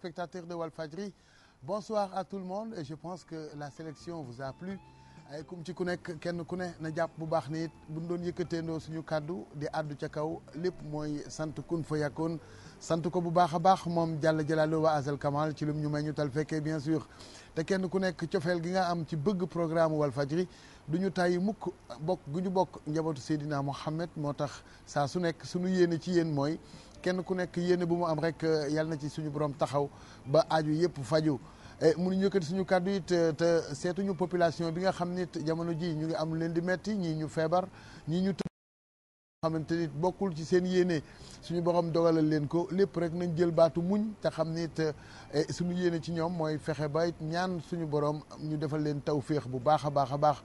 téléspectateurs de Walfadjri bonsoir à tout le monde et je pense que la sélection vous a plu ay kum ci ku nekk kenn ku ne na jàpp bu baax ne bu buñ doon yëkkateendoo suñu kàddu di àddu ca kaw lépp mooy sant kun fa yàkkoon sant ko bu baax a baax moom jàll Jalaalu wa Azal Kamal ci lum ñu may ñu tal fekkee bien sûr te kenn ku nekk cofeel gi nga am ci bëgg programme Walfadjri du ñu tàyyi mukk bokk gu ñu bokk njabootu Seydina Mohamed moo tax saa su nekk suñu yéene ci yéen mooy kenn ku nekk yéene bu mu am rek euh, yàlla na ci suñu borom taxaw ba aju yëpp faju eh, mënuñu yëkkati suñu kàddu it euh, te seetuñu population bi nga xam nit jamono ji ñu ngi am leen di metti ñii ñu feebar ñii ñu xamante nit bokkul ci seen yéene suñu borom dogalal leen ko lépp rek nañ jël baatu muñ te xam nit euh, eh, suñu yéene ci ñoom mooy fexe ba ñaan suñu borom ñu defal leen tawféex bu baax a baax a baax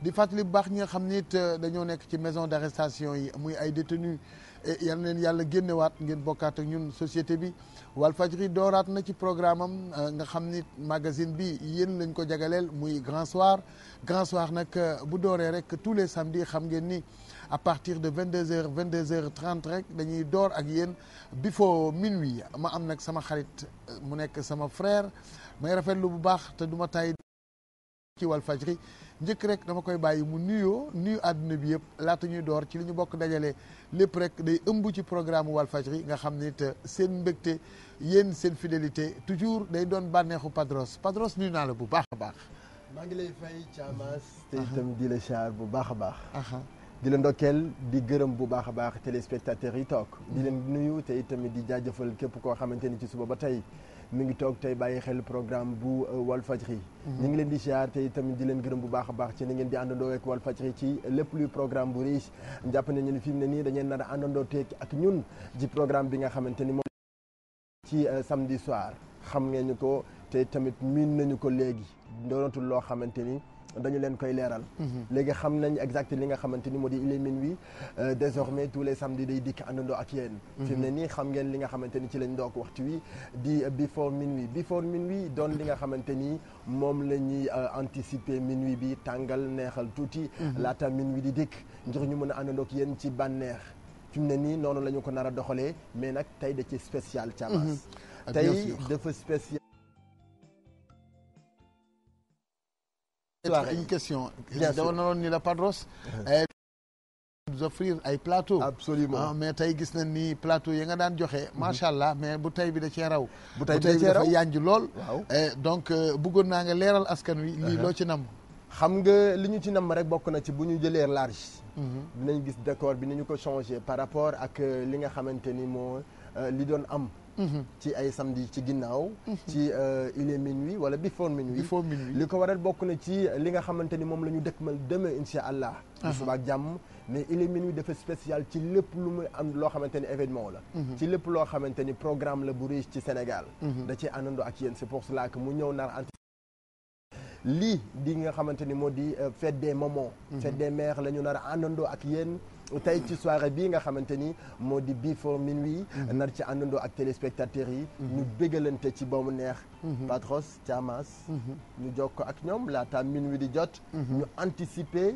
di fàttali bu baax ñi nga xam nit dañoo nekk ci maison d'arrestation yi muy ay détenus E, yal leen yàlla génnewaat ngeen bokkaat ak ñun société bi Walfadjri dooraat na ci programme am e, nga xam ni magazine bi yéen lañ ko jagaleel muy grand soir grand soir nag e, bu dooree rek tous les samedis xam ngeen ni à partir de vingt 22h 22h30 rek dañuy door ak yéen before minuit ma am nag sama xarit mu nekk sama frère may rafetlu bu baax te du ma tay ci Walfadjri njëkk rek dama koy bàyyi mu nuyoo nuyu àdduna bi yëpp laata ñuy door ci li ñu bokk dajale lépp rek day ëmb ci programme Walfadjri nga xam ni te seen mbégte yéen seen fidélité toujours day doon bànneexu Padros Padros nuyu naa la bu baax a baax. maa ngi lay fay Thiamas. te itam di la bu baax a baax. di la ndokkeel di gërëm bu baax a baax téléspectateurs yi toog. di leen nuyu te tamit di jaajëfal képp koo xamante ni ci suba ba tey. mi ngi toog tey bàyyi xel programme bu euh, Walfadjri mhm. ñu ngi leen di ziar tey tamit di leen gërëm bu baax a baax ci ni ngeen di àndandoo ak Walfadjri ci lépp luy programme bu riche jàpp nañu ne fi mu ne nii dañeen nar a àndandoo teeg ak ñun ji programme bi nga xamante ni moom ci euh, samedi soir xam ngeen ñu ko te tamit miin nañu ko léegi doonatul loo xamante ni dañu leen koy leeral mhm. léegi xam nañ exact li nga xamante ni moo di il est minuit euh, désormais tous les day dikk àndandoo ak yéen mhm. fi ne nii xam ngeen li nga xamante ni ci lañ doog waxtu wi di before minuit before minuit doon li nga xamante ni moom la ñuy euh, anticiper minuit bi tàngal neexal tuuti mhm. laata minuit di dikk ngir ñu mën a àndandoo ak yéen ci bànneex fi mu ne nii noonu la ñu ko nar a doxalee mais nag tey da ci spécial Thiamas ah, tey dafa spécial histoire une question. bien sûr dama naroon ni la Padros. Euh, nous offrir ay ah, mais tey gis nañ ni plateau yi nga daan joxe. Mhm. macha allah mais bu tey bi da cee raw. bu tey bi dafa yànj lool. Euh, donc euh, buggoon naa nga leeral askan wi. lii uh-huh. ci nam xam nga li ñu ci nam rek bokk na ci bu ñu jëlee large. Mhm. dinañ gis décor bi ni ñu ko changé par rapport ak li nga xamante ni moo li doon am. ci ay samedi ci ginnaaw. Mhm. ci euh, il est minuit wala before minuit. before minuit li ko waral bokk na ci li nga xamante ni moom la dëkk dëkkmal demain incha allah. bu mhm. subaa jàmm mais il est minuit dafa spécial ci lépp lu muy am loo xamante ni événement la. Mhm. ci lépp loo xamante ni programme la bu riche ci Sénégal. da ciy àndandoo ak yéen c'est pour cela mu ñëw nar lii di nga xamante ni moo di euh, fête des mamans. fête des la ñu nar a àndandoo ak yéen. tey ci soirée bii nga xamante ni moo di before minuit mm-hmm. nar ci àndandoo ak téléspectateurs yi mm-hmm. ñu bégalante ci ba mu neex mm-hmm. Patros Thiamas ñu jokko ak ñoom laata minuit di jot ñu anticiper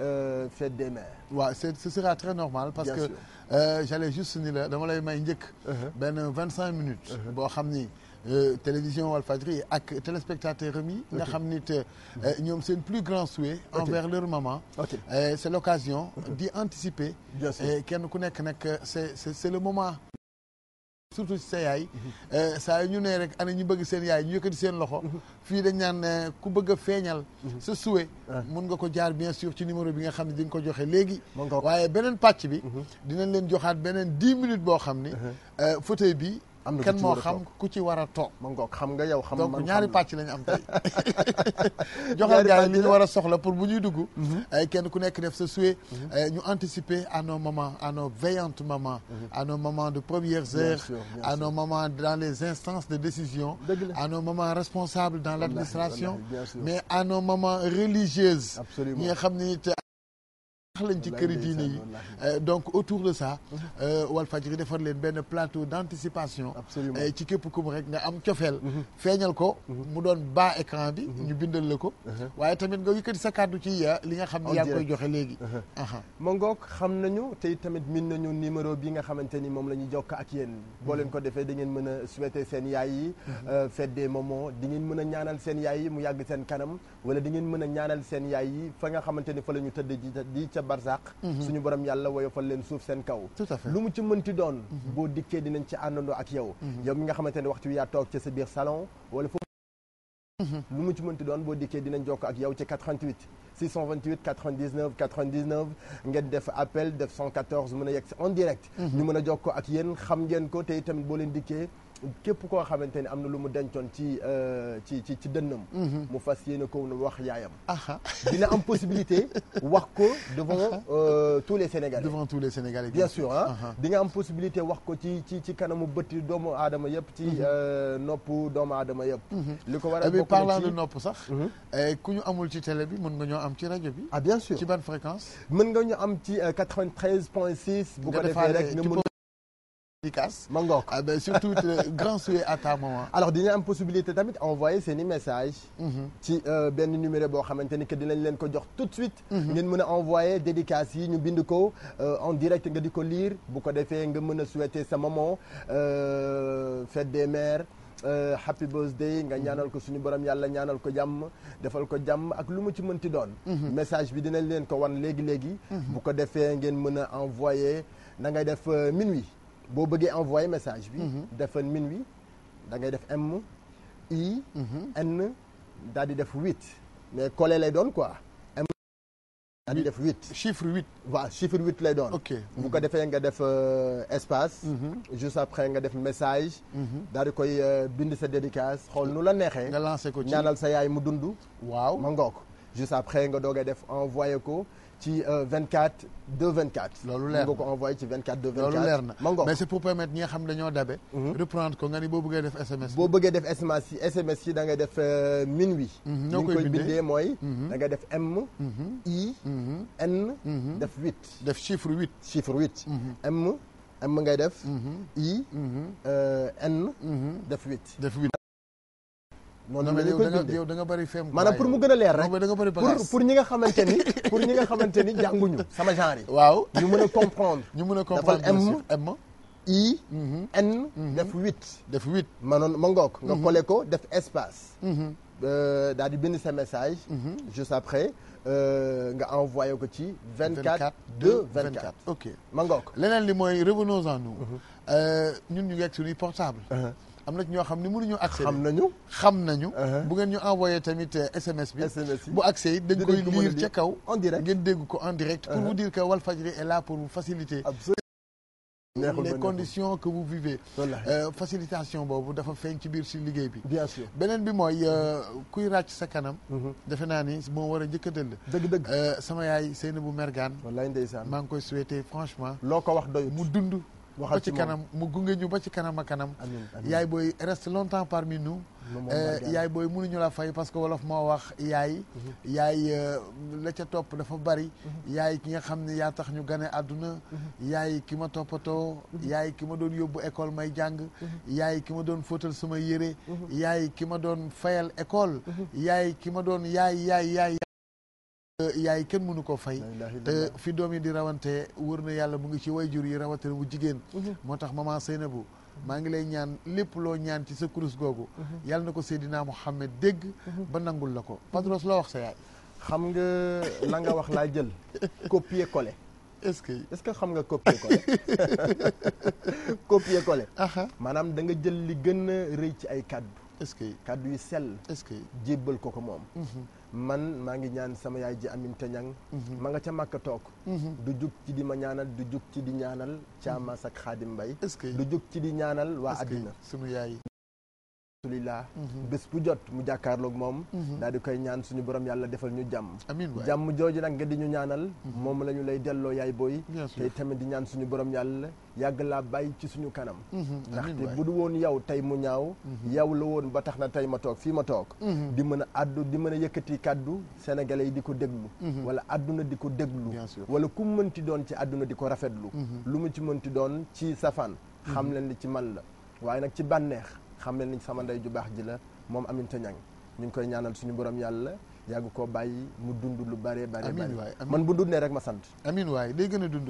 Euh, fête des mères. waaw ouais, c'est ce sera très normal parce que euh, j'allais juste ni la dama lay may njëkk uh-huh. benn vingt cinq minutes uh-huh. boo xam ni Euh, télévision Walfadjri ak téléspectateurs am nga xam ni mhm. euh, ñoom seen plus grand souhait envers leur maman euh, c'est l'occasion d'y anticiper kenn ku nekk nag c'est c'est le moment surtout si sa yaay mhm. saa yu ñu nee rek ana ñu bëgg seen yaay ñu yëkkati seen loxo mhm. fii dañ naan ku bëgg feeñal sa souhait ah. mun nga ko jaar bien sûr ci numéro bi nga xam ne di ko joxe léegi waaye beneen pàcc bi dinañ leen joxaat beneen dix minutes boo xam ni fauteuil bi am na kenn moo xam ku ci war a toog. man ngoog xam nga yow xam donc ñaari pàcc lañu am tey joxal gars li ñu war a soxla pour mu ñuy dugg. Mhm. ay kenn ku nekk def sa souhait. Mhm. ñu anticiper à nos moments à nos veillantes moments. Mhm. à nos moments de premières heures. à nos moments dans les instances de décision. à nos moments responsables dans l'administration. mais à nos moments religieuses. ñi nga xam ni wax lañ ci këri diine yi euh, donc autour de ça euh, Walfadjri defar leen benn plateau d'anticipation euh, ci képp ku mu rek nga am cofeel feeñal ko mu doon bas écran bi ñu bindal la ko waaye tamit nga yëkkati sa kàddu ci li nga xam ne yaa ngi koy joxe léegi ma xam nañu tey tamit min nañu numéro bi nga xamante ni moom la ñu jokk ak yéen boo leen ko defee da ngeen mën a souhaiter seen yaay yi fête des mamans di ngeen mën a ñaanal seen yaay yi mu yàgg seen kanam wala di ngeen mën a ñaanal seen yaay yi fa nga xamante ni fa la ñu tëdd di barzaq mhm. suñu borom yàlla woyofal leen suuf seen kaw mhm. mhm. lu mu ci mënti doon boo dikkee dinañ ci àndandoo ak yow yow mi nga xamante waxtu wi yaa toog ci sa salon wala foofu lu mu ci mënti doon boo dikkee dinañ jokk ak yow ci 88 628 99 99 ngeen def appel def 114 mën a yegg en direct ñu mën a jokkoo ak yéen xam ngeen ko te itamit boo leen dikkee képp koo xamante ni am na lu mu dencoon ci euh, ci ci ci dënnam mhm. mu fas yéene ko wax yaayam dina am possibilité wax ko devant euh, tous les Sénégalais devant tous les Sénégalais bien sûr ah di nga am possibilité wax ko ci ci ci kanamu bëtti doomu aadama yëpp ci mhm. euh, nopp doomu aadama yëpp mhm. li ko waral eh bokk parlant de nopp sax eh, ku ñu amul ci télé bi mën nga ñoo am ci rajo bi ah bien sûr ci ban fréquence mën nga ñu am ci 93 point 6 bu ko defee rek efficace ma ngoog ah ben surtout euh, grand souhait à ta maman alors dina am possibilité tamit envoyer seen i message mhm. ci euh, benn numéro boo xamante ni que dinañ leen ko jox tout de suite mhm. ngeen mën a envoyer dédicace yi ñu bind ko euh, en direct nga di ko liir bu ko defee nga mën a souhaiter sa maman fête des mères Uh, happy birthday nga mhm. ñaanal ko suñu borom yàlla ñaanal ko jàmm defal ko jàmm ak lu mu ci mënti doon. message bi dinañ leen ko wan léegi léegi. bu ko defee ngeen mën a envoyé na ngay def minuit. boo bëggee envoyer message bi. Mhm. defal minuit da ngay def M I. Mhm. N daal di def huit mais collé lay doon quoi. M daal def huit. chiffre huit. waaw chiffre huit lay doon. ok bu ko defee nga def euh, espace. Mhm. juste après nga def message. daal di koy euh, bind sa dédicace xool nu la neexee. nga lancé ko ci ñaanal sa yaay mu dund. waaw ma ngoo ko juste après nga doogay def envoyer ko. ci 24 2 24. loolu leer na nga ko envoyé ci 24 2 24. loolu leer na mais c'est pour permettre ñi nga xam dañoo dabe. Mhm. reprendre ko nga ni boo bëggee def SMS. boo bëggee def SMS yi SMS yi da def euh, minuit. ñoo mhm. koy bindee bindee mooy. Mhm. da def M. I. N. def 8. def chiffre 8. chiffre 8. M ngay def. I. Euh, N. def 8. noonu mais yow da nga bëri fem maanaam pour mu gën a leer rek pour pour ñi nga xamante ni pour ñi nga xamante ni sama genre yi waaw ñu mën a comprendre ñu mën a comprendre dafal m i mhm. n mhm. def huit def huit ma ngoog nga mhm. collé ko def espace euh, daal di bind sa message juste après euh, nga envoyé ko ci vingt quatre deux vingt quatre ok ma ngoog leneen li mooy revenons en nous euh, ñun ñu ngi ak suñuy portable uh-huh. am na ñoo xam ni ne mënuñu accès xam nañu xam nañu uh-huh. bu ngeen ñu envoyé tamit SMS euh, bi bu accès yi dañ koy lire ca kaw en direct ngeen dégg ko en direct pour uh-huh. vous dire que Walfadjri est là pour vous faciliter les conditions que vous vivez euh, facilitation boobu dafa feeñ ci biir si liggéey bi bien beneen bi mooy euh, kuy ràcc sa kanam mm-hmm. defe naa ni moo war a njëkk a dënd dëgg dëgg sama yaay Seynabou Mergane wallaay ndeysaan maa ngi koy souhaité franchement loo ko wax doy mu dund ba ci kanam mu gunge ñu ba ci kanam a kanam yaay booy reste longtemps parmi nous euh, yaay booy mënuñu la fay parce que wolof moo wax yaay mhm. yaay euh, la ca topp dafa bari mhm. yaay ki nga xam ne yaa tax ñu gane àdduna mhm. yaay ki ma toppatoo yaay ki ma doon yóbbu école may jàng yaay ki ma doon fóotal sama yére yaay ki ma doon fayal école yaay ki ma doon yaay yaay yaay Euh, yaay kenn mënu ko fay te fi doom yi di rawante wër na yàlla mu ngi ci jur yi rawante bu jigéen mhm. moo tax ma maman bu mhm. maa ngi lay ñaan lépp loo ñaan ci sa kurus googu mhm. yàlla na ko Seydina Mouhamed dégg ba nangul la ko Padros loo wax sa yaay xam nga la nga wax laa jël copier coller est-ce que est-ce que xam nga copier coller maanaam da nga jël li gën a rëy ci ay kaddu est-ce que kaddu yu sell est-ce que jébbal ko ko moom man maa ngi ñaan sama yaay ji Aminta Ñang mhm. ma nga ca màkk toog mhm. du jug ci di ma ñaanal du jug ci di ñaanal Thiamas ak Xaadim Mbay du jug ci di ñaanal waa àddina sunu yaay rasulillah mhm. bés bu jot mu jàkkaarloog moom mhm. daal di koy ñaan suñu borom yàlla defal ñu jàmm jàmm jooju nag nga di ñu ñaanal mhm. moom la ñu lay delloo yaay booy tey tamit di ñaan suñu borom yàlla yàgg laa bàyyi ci suñu kanam ndaxte bu du woon yow tey mu ñaaw yow la woon ba tax na tey ma toog fii ma toog di mën a a yëkkati kàddu sénégalais yi di ko déglu wala adduna di ko déglu wala ku mënti doon ci adduna di ko rafetlu lu mu ci mënti doon ci safaan xam leen li ci man la waaye nag ci xam ne ni sama ndey ju baax ji la moom Aminata Niang ñu ngi koy ñaanal suñu borom yàlla yàgg koo bàyyi mu dund lu bare bare amiin waay man bu dundee rek ma sant amiin waay day gën a dund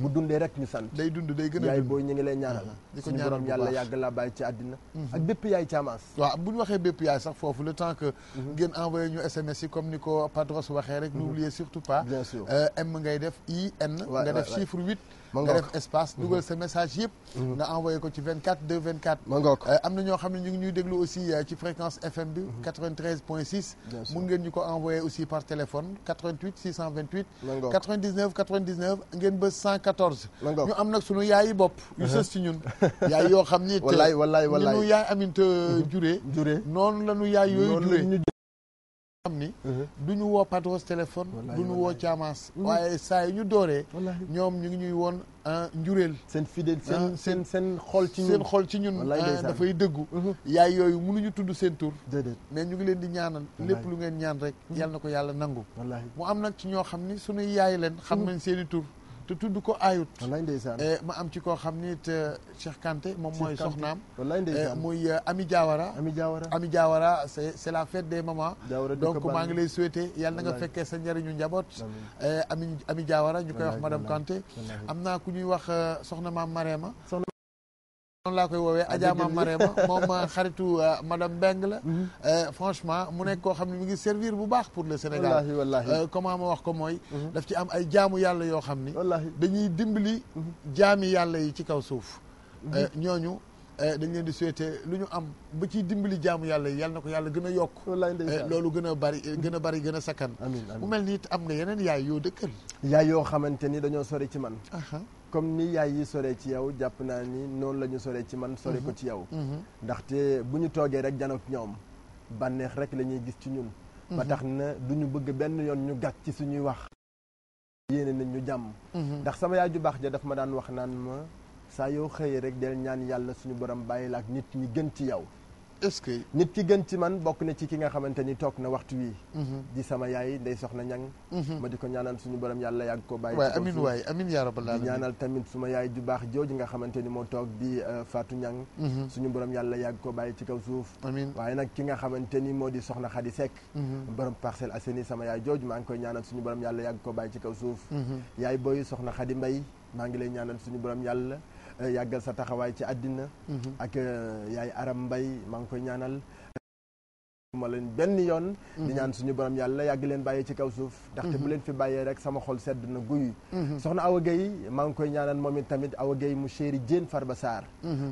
bu dundee rek ñu sant day dund day gën a yaay booy ñu ngi lay ñaanal suñu borom yàlla yàgg laa bàyyi ci àddina mhm. ak bépp yaay caamaas waaw bu ñu waxee bépp yaay sax foofu le temps que mhm. ngeen envoyé ñu sms yi comme ni ko Padros waxee rek mhm. n'oubliez surtout pas bien sûr euh, ngay def i n nga def chiffre huit ma nga espace mhm. dugal sa message yëpp mhm. nga envoyé ko ci 24 2 24 ma ngoog euh, am na ñoo xam ne ñu ngi ñuy déglu aussi euh, ci fréquence FM bi 93 mhm. point 6 mun ngeen ñu ko envoyé aussi par téléphone 88 628 99 99 ngeen bës 114 ñu am nag sunu yaayi bopp yu uh-huh. sës ci ñun yaay yoo xam ni wallaay euh, wallaay wallaay ñu yaay aminte uh-huh. juré juré noon la ñu yaay yooyu juré xam ni uh-huh. du ñu woo Patos téléphone du ñu woo Thiamas mm-hmm. waaye saa yi ñu dooree ñoom ñu ngi ñuy woon ah, njureel seen fidèle ah, seen seen seen xol ci ñun seen ci ñun ah, dafay dëggu mm-hmm. yaay yooyu ñu tudd seen tur mais ñu ngi leen di ñaanal lépp lu ngeen ñaan rek yal na ko yàlla nangu mu am nag ci ñoo xam ni suñuy yaay leen xam mm-hmm. nañ seeni i tur te tudd ko ayut eh, ma am ci koo xam ni it eh, Cheikh Kanté moom mooy soxnaam eh, muy Ami Diawara Ami Diawara Ami Diawara c'est c'est la fête des mamans donc maa ngi lay souhaiter yàlla nga fekkee sa njariñu njaboot Ami Ami Diawara ñu koy wax madame Kanté am naa ku ñuy wax soxna maam Marema noonu laa koy woowee ah, Adja Mame Marème moom xaritu euh, madame Beng la mhm. euh, franchement mu nekk koo xam ne mi ngi servir bu baax pour le Sénégal euh, comment ma wax ko mooy mhm. daf ci am ay jaamu yàlla yoo xam ni dañuy dimbali mhm. jaami yàlla ci kaw suuf ñooñu dañ leen di souhaiter lu ñu am ba ci dimbali jaamu yàlla yi yàlla na ko yàlla gën a yokk loolu gën a bari gën a bari gën a sakkan mu mel ni am nga yeneen yaay yoo dëkkal yaay yoo xamante ni dañoo sori ci man comme ni yaay yi sore ci yow jàpp naa ni noonu la ñu sore ci man sore ko mhm. ci yow mhm. ndaxte bu ñu toogee rek janoog ñoom bànneex rek lañuy gis ci ñun ba mhm. tax na du ñu bëgg benn yoon ñu gàtt ci suñuy wax yéene nañ ñu jàmm ndax sama yaay ju baax ja daf ma daan wax naan ma saa yoo xëyee rek del ñaan yàlla suñu borom bàyyi la ak nit ñi gën ci yow est-ce que nit ki gën ci man bokk na ci ki nga xamante ni toog na waxtu wi. Mhm. di sama yaay ndey soxna ñang mhm. ma di ko ñaanal suñu borom yàlla yàgg ko bàyyi. waaw amiin waay amiin yaa rabbal aalamiin ñaanal suma yaay ju baax jooju nga xamante ni moo toog di euh, Fatou ñang mhm. suñu borom yàlla yàgg ko bàyyi ci kaw suuf. amiin waaye nag ki nga xamante ni moo di soxna Xadi Seck. borom Parcelles Assainies sama yaay jooju maa ngi koy ñaanal suñu borom yàlla yàgg ko bàyyi ci kaw suuf. yaay booyu soxna Xadi Mbay maa ngi lay ñaanal suñu borom yàlla Eh, yàggal sa taxawaay ci àddina mhm. ak eh, yaay Aram mbay maa ngi koy ñaanal ma leen benn yoon di mhm. ñaan suñu borom yàlla yàgg leen bàyyee ci kaw suuf mhm. ndaxte bu leen fi bàyyee rek sama xol sedd na guy soxna Awa Gueye maa ngi koy ñaanal moom it tamit Awa géy mu chéri far ba Sarr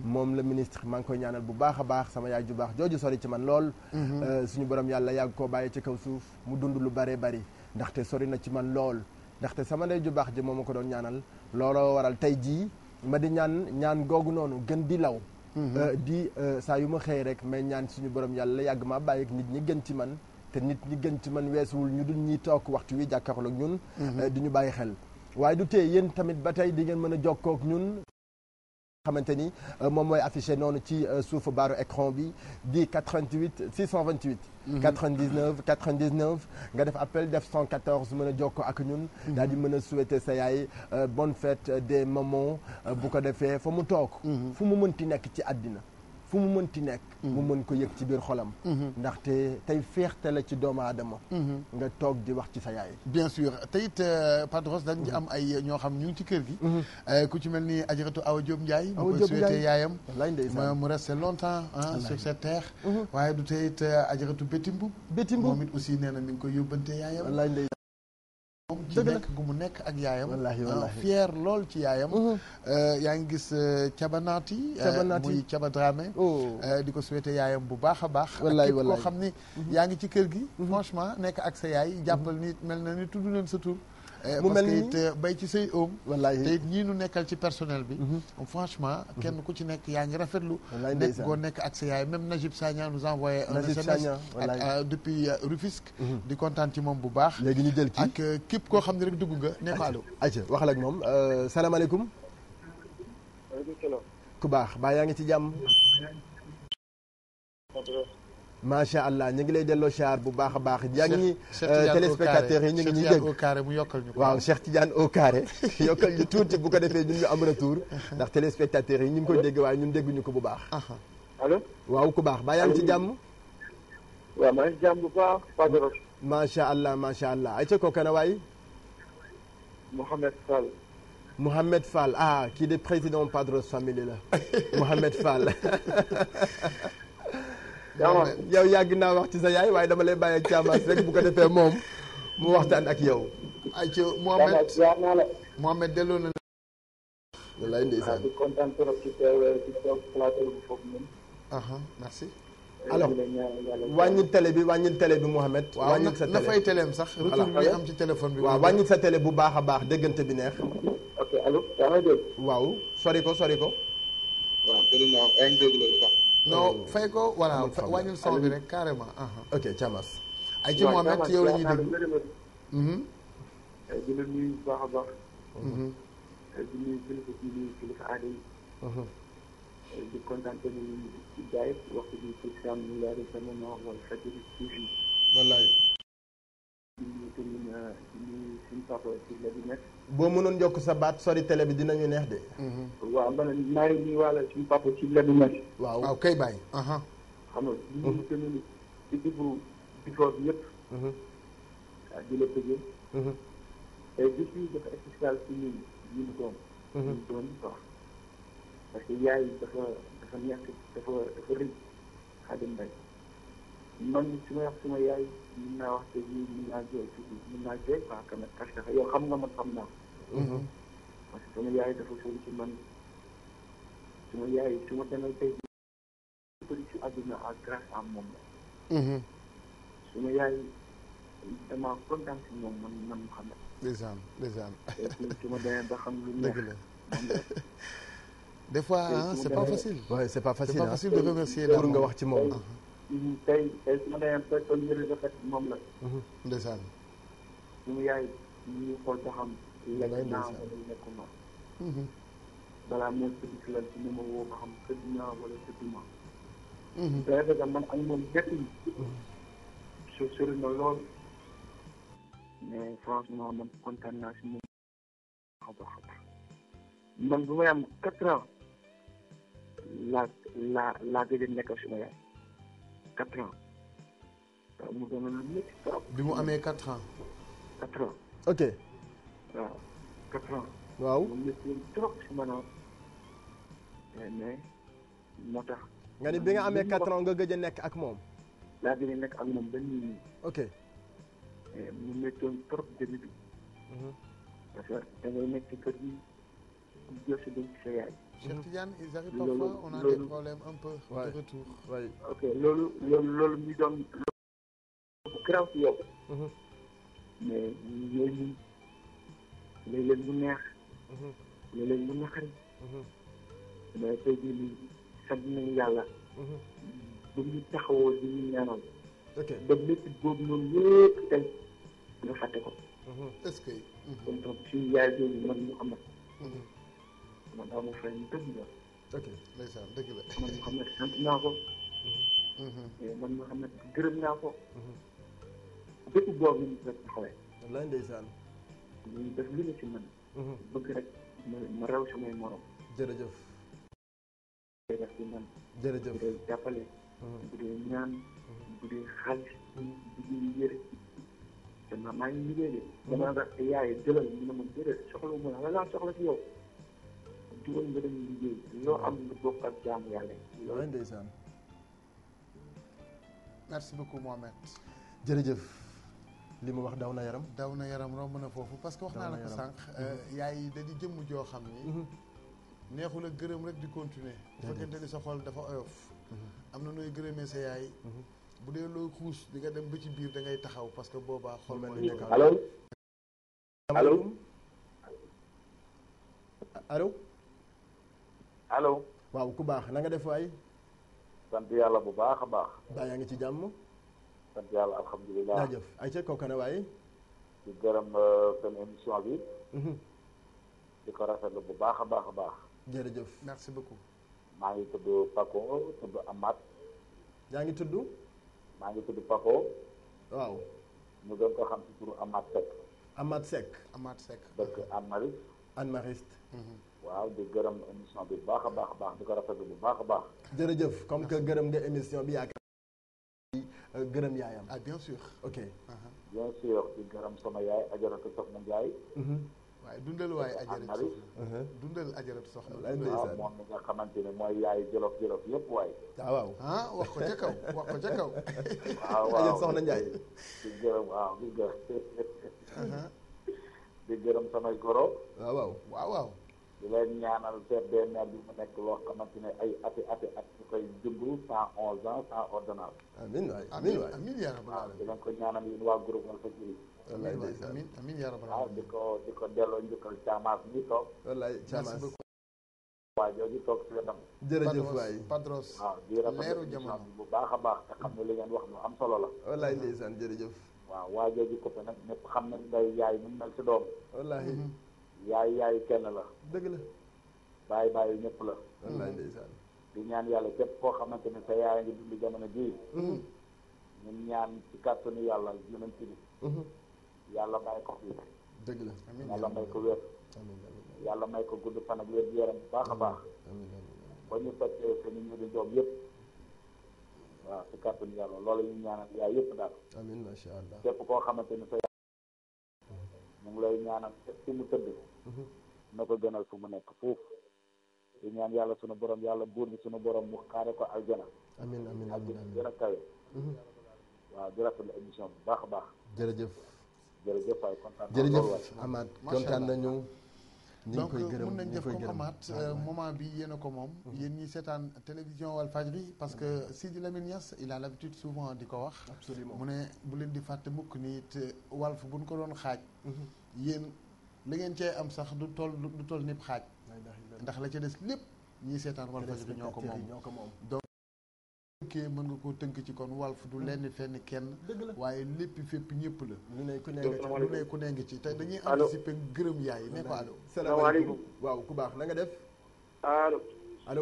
moom la ministre maa ngi koy ñaanal bu baax a baax sama yaay ju baax jooju sori ci man lool eh, suñu borom yàlla yàgg koo bàyyee ci kaw suuf mu dund lu bare bari ndaxte sori na ci man lool ndaxte sama ndey ju baax ji moom ma di ñaan ñaan googu noonu gën di law mhm. euh, di euh, saa yu ma xëy rek may ñaan suñu borom yàlla yàgg maa bàyyi ak nit ñi gën ci man te nit ñi gën ci man weesuwul ñu dul ñuy toog waxtu wi jàkkaarloog ñun mhm. euh, di ñu bàyyi xel waaye du tee yéen tamit ba tey di ngeen mën a jokkook ñun xamante ni euh, moom mooy affiché noonu ci euh, suufu baaru écran bi di 88 628. 99 99 nga def appel def 114 mën a jokkoo ak ñun. Mhm. daal di mën a souhaiter sa yaay euh, bonne fête des mamans bu ko defee fa mu toog. Mhm. fu mu mënti nekk ci àddina. fu mu mënti nekk mu mën ko yëg ci biir xolam mhm. ndaxte tey feexte la ci doomu aadama mhm. nga toog di wax ci sa yaay bien sûr te it euh, Padros dañ ci mhm. am ay ñoo xam ñu ngi ci kër gi euh, ku ci mel ni ajaratu Awa Diop Ndiaye mu ko souhaité yaayam mu resté longtemps sur cette terre waaye du te it euh, ajaratu Bétimbu Bétimbu moom it aussi nee na mi ngi koy yóbbante yaayam moom ci nekk gu mu nekk ak yaayam wallaahi euh, wallaahi fier lool ci yaayam mm-hmm. euh, yaa ngi gis euh, cabanaati muy caba Dramé oh. di ko souhaité yaayam bu baax a baax wallaahi wallaahi koo xam ni mm-hmm. yaa ngi ci kër gi mm-hmm. franchement nekk ak sa yaay jàppal ni mel na ni tudd leen sa tur Eh, mu mel parce que bay ci say oom. wallaahi te it ñii nu nekkal ci personnel bi. Mhm. franchement mhm. kenn ku ci nekk yaa ngi rafetlu. wallaahi nekk goo nekk ak sa yaay même Najib Sagna nous envoyé. un SMS euh, depuis euh, Rufisque. Mhm. di kontaan ci moom bu baax. léegi ñu jël kii ak euh, képp koo xam ne rek dugg nga ne ko wax ayca waxal ak moom salaamaaleykum. waaleykum ku baax baa yaa ngi ci jàmm. macha allah ñu ngi lay delloo char bu baax a baax. yaa ngi euh, téléspectateurs yi ñu ngi ñuy dégg Cheikh Tidiane au carré mu yokkal ñu ko. waaw Cheikh Tidiane au carré bu ko defee ñun ñu am retour. ndax téléspectateurs yi ñu ngi koy dégg waaye ñun dégguñu ko bu baax. allo. waaw ku baax ba yaa ngi ci jàmm. waaw maa ngi ci bu baax Fadoro. macha allah macha allah ayca kooku na waay. Mouhamed Fall. Mouhamed Fall ah kii de président Padros famille la Mouhamed Fall. yow yàgg naa wax ci sa yaay waaye dama lay bàyyi ak càmbaas rek bu ko defee moom mu waxtaan ak yow. ay ci Mohamed Mohamed delloo na. wallaay ndeysaan di kontaan trop ci teew bi foofu noonu. merci. alors wàññil télé bi wàññil waaw na fay sax. retour bi am ci téléphone bi. waaw wàññil sa tele bu baax a baax déggante bi neex. ok waaw sori ko sori ko. non eh, fay ko voilà wàññil son bi rek carrément. Uh-huh. ok Thiamas. ay ci moom it yow la ñuy déglu di leen nuyu bu baax a baax. di nuyu kilifa di nuyu kilifa aada yi. di kontaan tamit ci jaay waxtu bi ci sàmm di laal di sama ma wala fajiri TV. wallaay. boo mënoon yokk sa baat sori télé bi dinañu neex de. Mm-hmm. waaw man maa ci la bi waaw waaw kay bàyyi. Uh-huh. xam nga mm-hmm. di la tëjee. Mm-hmm. parce que yaay dafa dafa ñàkk dafa dafa rëy Xaadim Mbay man su ma suma yaay. mën naa wax te lii mën naa jooy tuuti mën naa jooy quoi quand xam nga man xam naa ko. Mhm. parce que yaay dafa sori ci man sama yaay su ma mhm. yaay damaa kontaan si moom man man mu xam ne. ndeysaan ndeysaan. su ma demee lu neex. des fois ah c'est pas facile. oui c'est pas facile de remercier. pour nga wax ci moom. tey tey su ma demee ba tool yële rafet moom la. ndeysaan. suñu yaay ñu ngi xool ba xam. lekk naa wala lekkuma. balaa moo tëdd si lan ma woo ba xam tëdd naa wala tëdduma. day fekk man ak moom gerte na man kontaan naa si moom. waaw waaw man bu may am quatre ans laa laa laa gëj a nekk ak quatre ans. bi mu amee quatre ans. quatre ans. ok. waaw quatre ans. waaw mu métti trop si maanaam. mais moo tax. nga ni bi nga amee quatre ans nga gëj a nekk ak moom. laa bi a nekk ak moom benn nii. ok. mu méttoon trop début bi. Mhm. parce que da ngay nekk kër gi. di jël sa sa yaay. Cheikh mhm. Tidiane ils arrivent parfois on a des problèmes un peu de retour ok loolu loolu loolu ñu doon loolu graw si yow mhm. mais yooyu léeg mu neex mhm. léeg-léeg mu naqari mais tey jii nii sant nañu yàlla bu ñu taxawoo di ñu ñaanal ba métti boobu noonu yëpp tey nga fàtte ko est-ce que comme mu amal man amu fay dëgg la. ok ndeysaan dëgg la. ko. man mhm, mhm. eh, nga xam ne gërëm naa ko. Mhm. bépp boobu ñu rek taxawee. wallaay ndeysaan. ñu def li ñu ci mën. bëgg rek ma ma raw samay morom. jërëjëf. bu dee def ci man. jërëjëf bu dee jàppale. ma jërëjëf soxla wu ma la laa soxla ci juróom nga dem liggéey ñoo am lu bokk ak li mu wax daw na yaram daw na yaram romb na foofu parce que wax naa la ko sànq euh, mhm. yaay yi dañu jëmm joo xam ni mhm. neexul a gërëm rek di continuer bu fekkente ni sa xol dafa oyof mhm. am na nooy gërëmee sa yaay bu dee looy xuus di nga dem ba ci biir da ngay taxaw parce que boobaa xol ma nekk allo allo allo. waaw ku baax na nga def waay. sant yàlla bu baax a baax. baa yaa ngi ci jàmm. sant yàlla alhamdulilah jaajëf ayca kooku na waaye. di gërëm euh, seen émission bi. Mhm. di ko rafetlu bu baax a baax a baax. jërëjëf merci beaucoup. maa ngi tudd Paco tudd Amath. yaa ngi tudd. maa ngi tudd pako waaw. ñu gën ko xam ci turu Amath Seck. Amath Seck. Amath Anne Mariste. Anne Mariste. waaw di gërëm émission bi baax a baax a baax di ko rafet rafetlu bu baax a baax. jërëjëf comme que gërëm nga émission bi yaakaar gërëm yaayam. ah bien sûr. ok. Uh-huh. bien sûr di gërëm sama yaay ajaratu soxna Ndiaye. Mm-hmm. waaye dundal waaye ajaratu soxna. Uh-huh. dundal ajaratu soxna. waaw ah, moom mi nga xamante ne mooy yaay jolof jolof yëpp waay. ah waaw ah wax ko ca kaw wax ah, soxna Ndiaye. di gërëm waaw di gërëm. Uh-huh. di gërëm samay goro. Ah, waaw waaw. di leen ñaanal VDN bi mu nekk loo xamante ne ati ati at ñu koy jublu cent onze ans sans ordonnance. amiin waay amiin waay amiin yaa ko ñaanal yéen waa groupe Walfadjri. wallaay ah, di ko di ko delloo njukkal caamaas mi toog. wallaay caamaas waa jooju toog si wetam. jërëjëf waay Padros waaw di leeru jamono bu baax a baax te xam ne li ngeen wax lu am solo la. wallaay ndeysaan jërëjëf. waaw waa ko coppe nag ñëpp xam nañ day yaay ñu mel si doom. wallaahi. Mhm. yaay yaay kenn la. dëgg la. bàyyi bàyyi ñëpp la. wallaay ndeysaan. di ñaan yàlla képp koo xamante ne sa yaay ngi dund jamono jii. Mm-hmm. ñun ñaan ci kàttanu yàlla yonent bi. Mm-hmm. yàlla bàyyi ko fii. dëgg la amiin may ko wér. yàlla may ko gudd fan ak wér yaram bu baax a baax. ba ñu fekkee seen ñu di doom yëpp. waaw ci kàttanu yàlla loolu ñu ñaanal yaay yëpp daal. amiin macha allah mu ngi lay ñaanal fi mu tëdd na ko gënal fu mu nekk foofu di ñaan yàlla sunu borom yàlla buur bi sunu borom mu xaare ko aljana amiin amiin amiin amiin gën a kawe mhm. waaw di rafetlu émission bu baax a baax jërëjëf jërëjëf waay kontaan nañu donc euh, mën nañ def ko commentaat euh, moment bi yéen a ko moom mhm. yéen ñi seetaan télévision Walfadjri parce que mhm. Sidi Lamine Niass il a l'habitude souvent di ko wax absolument mu ne bu leen di fàtte mukk ni it euh, Walf buñ ko doon xaaj mhm. yéen la ngeen cee am sax du toll du toll nip xaaj ndax la ca des lépp ñii seetaan Walfadjri ñoo ko moom donc kee mën nga koo tënk ci kon wal fu du hmm. lenn fenn kenn waaye lépp fépp ñëpp la lu ne ku ne ngi ci te dañuy anticiper gërëm yaay ne ko allo salaamaaleykum waaw ku baax na nga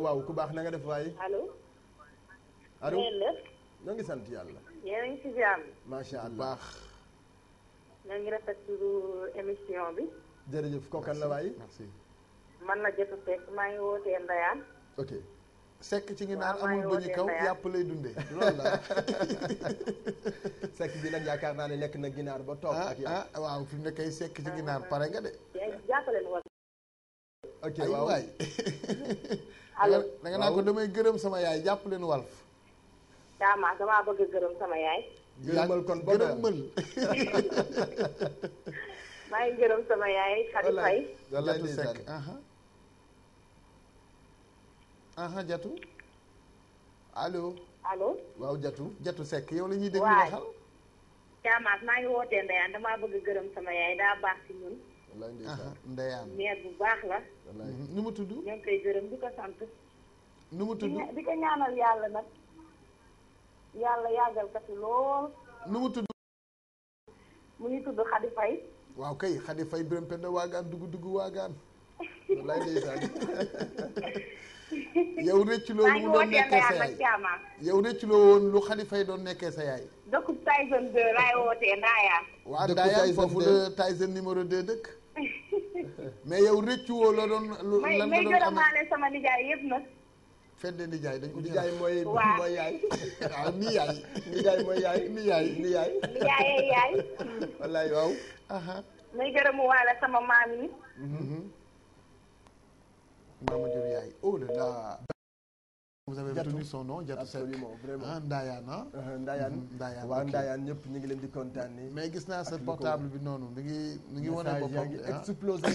waaw ku baax na nga def waaye allo allo ñoo ngi sant yàlla yéen a ngi ci jàmm macha allah baax ñoo ngi rafetlu émission bi jërëjëf kookan la waaye man maa ngi wootee Ndayane ok sekk ci ngi naan amul bañu kaw yàpp lay dundee loolu la sekk bi nag yaakaar naa ne lekk na ginaar ba toog ak yow ah, ah, waaw fi mu nekk ay sekk ci ginaar ah, pare nga de eh, ok da nga naa ko damay gërëm sama yaay jàpp leen walf daamaa damaa bëgg gërëm sama yaay gërëmal kon ba gërëmal gërëm sama yaay Khady Faye walaay sekk aha jatu allo. allo waaw jatu jatu Seck yow lañuy ñuy déglu waxal. waay maa ngi wootee Ndeyaan damaa bëgg gërëm sama yaay daa baax ci ñun. bu baax la. Mhm. nu mu tudd. ñoo di ko sant. nu mu tudd di ko ñaanal yàlla nag. yàlla yàggal ko lool. nu mu tudd. mu ngi tudd Khady Faye. waaw kay Khady Faye Birame Penda waagaan dugg dugg waagaan. yow rëcculoo yow rëcculoo woon lu xalifay doon nekkee sa yaay. dëkku Tyson 2 laay wootee Ndayane. waaw Ndayane foofu la Tyson numéro 2 dëkk. mais yow rëccuwoo la doon. lu lan la doon amee may may gërëmaale sama nijaay yëpp nag. fedde nijaay dañ ah, nijaay mooy. yaay. nijaay mooy yaay ni yaay ni yaay. ni sama maam yi. Mm-hmm. Maama Diop Yaay oh là là. vous avez retenu son nom Diatou ah, uh-huh, mm-hmm, ñëpp ñu ngi leen di mais gis naa sa portable bi noonu mi ngi mi ngi wane boppam message yaa ngi explosé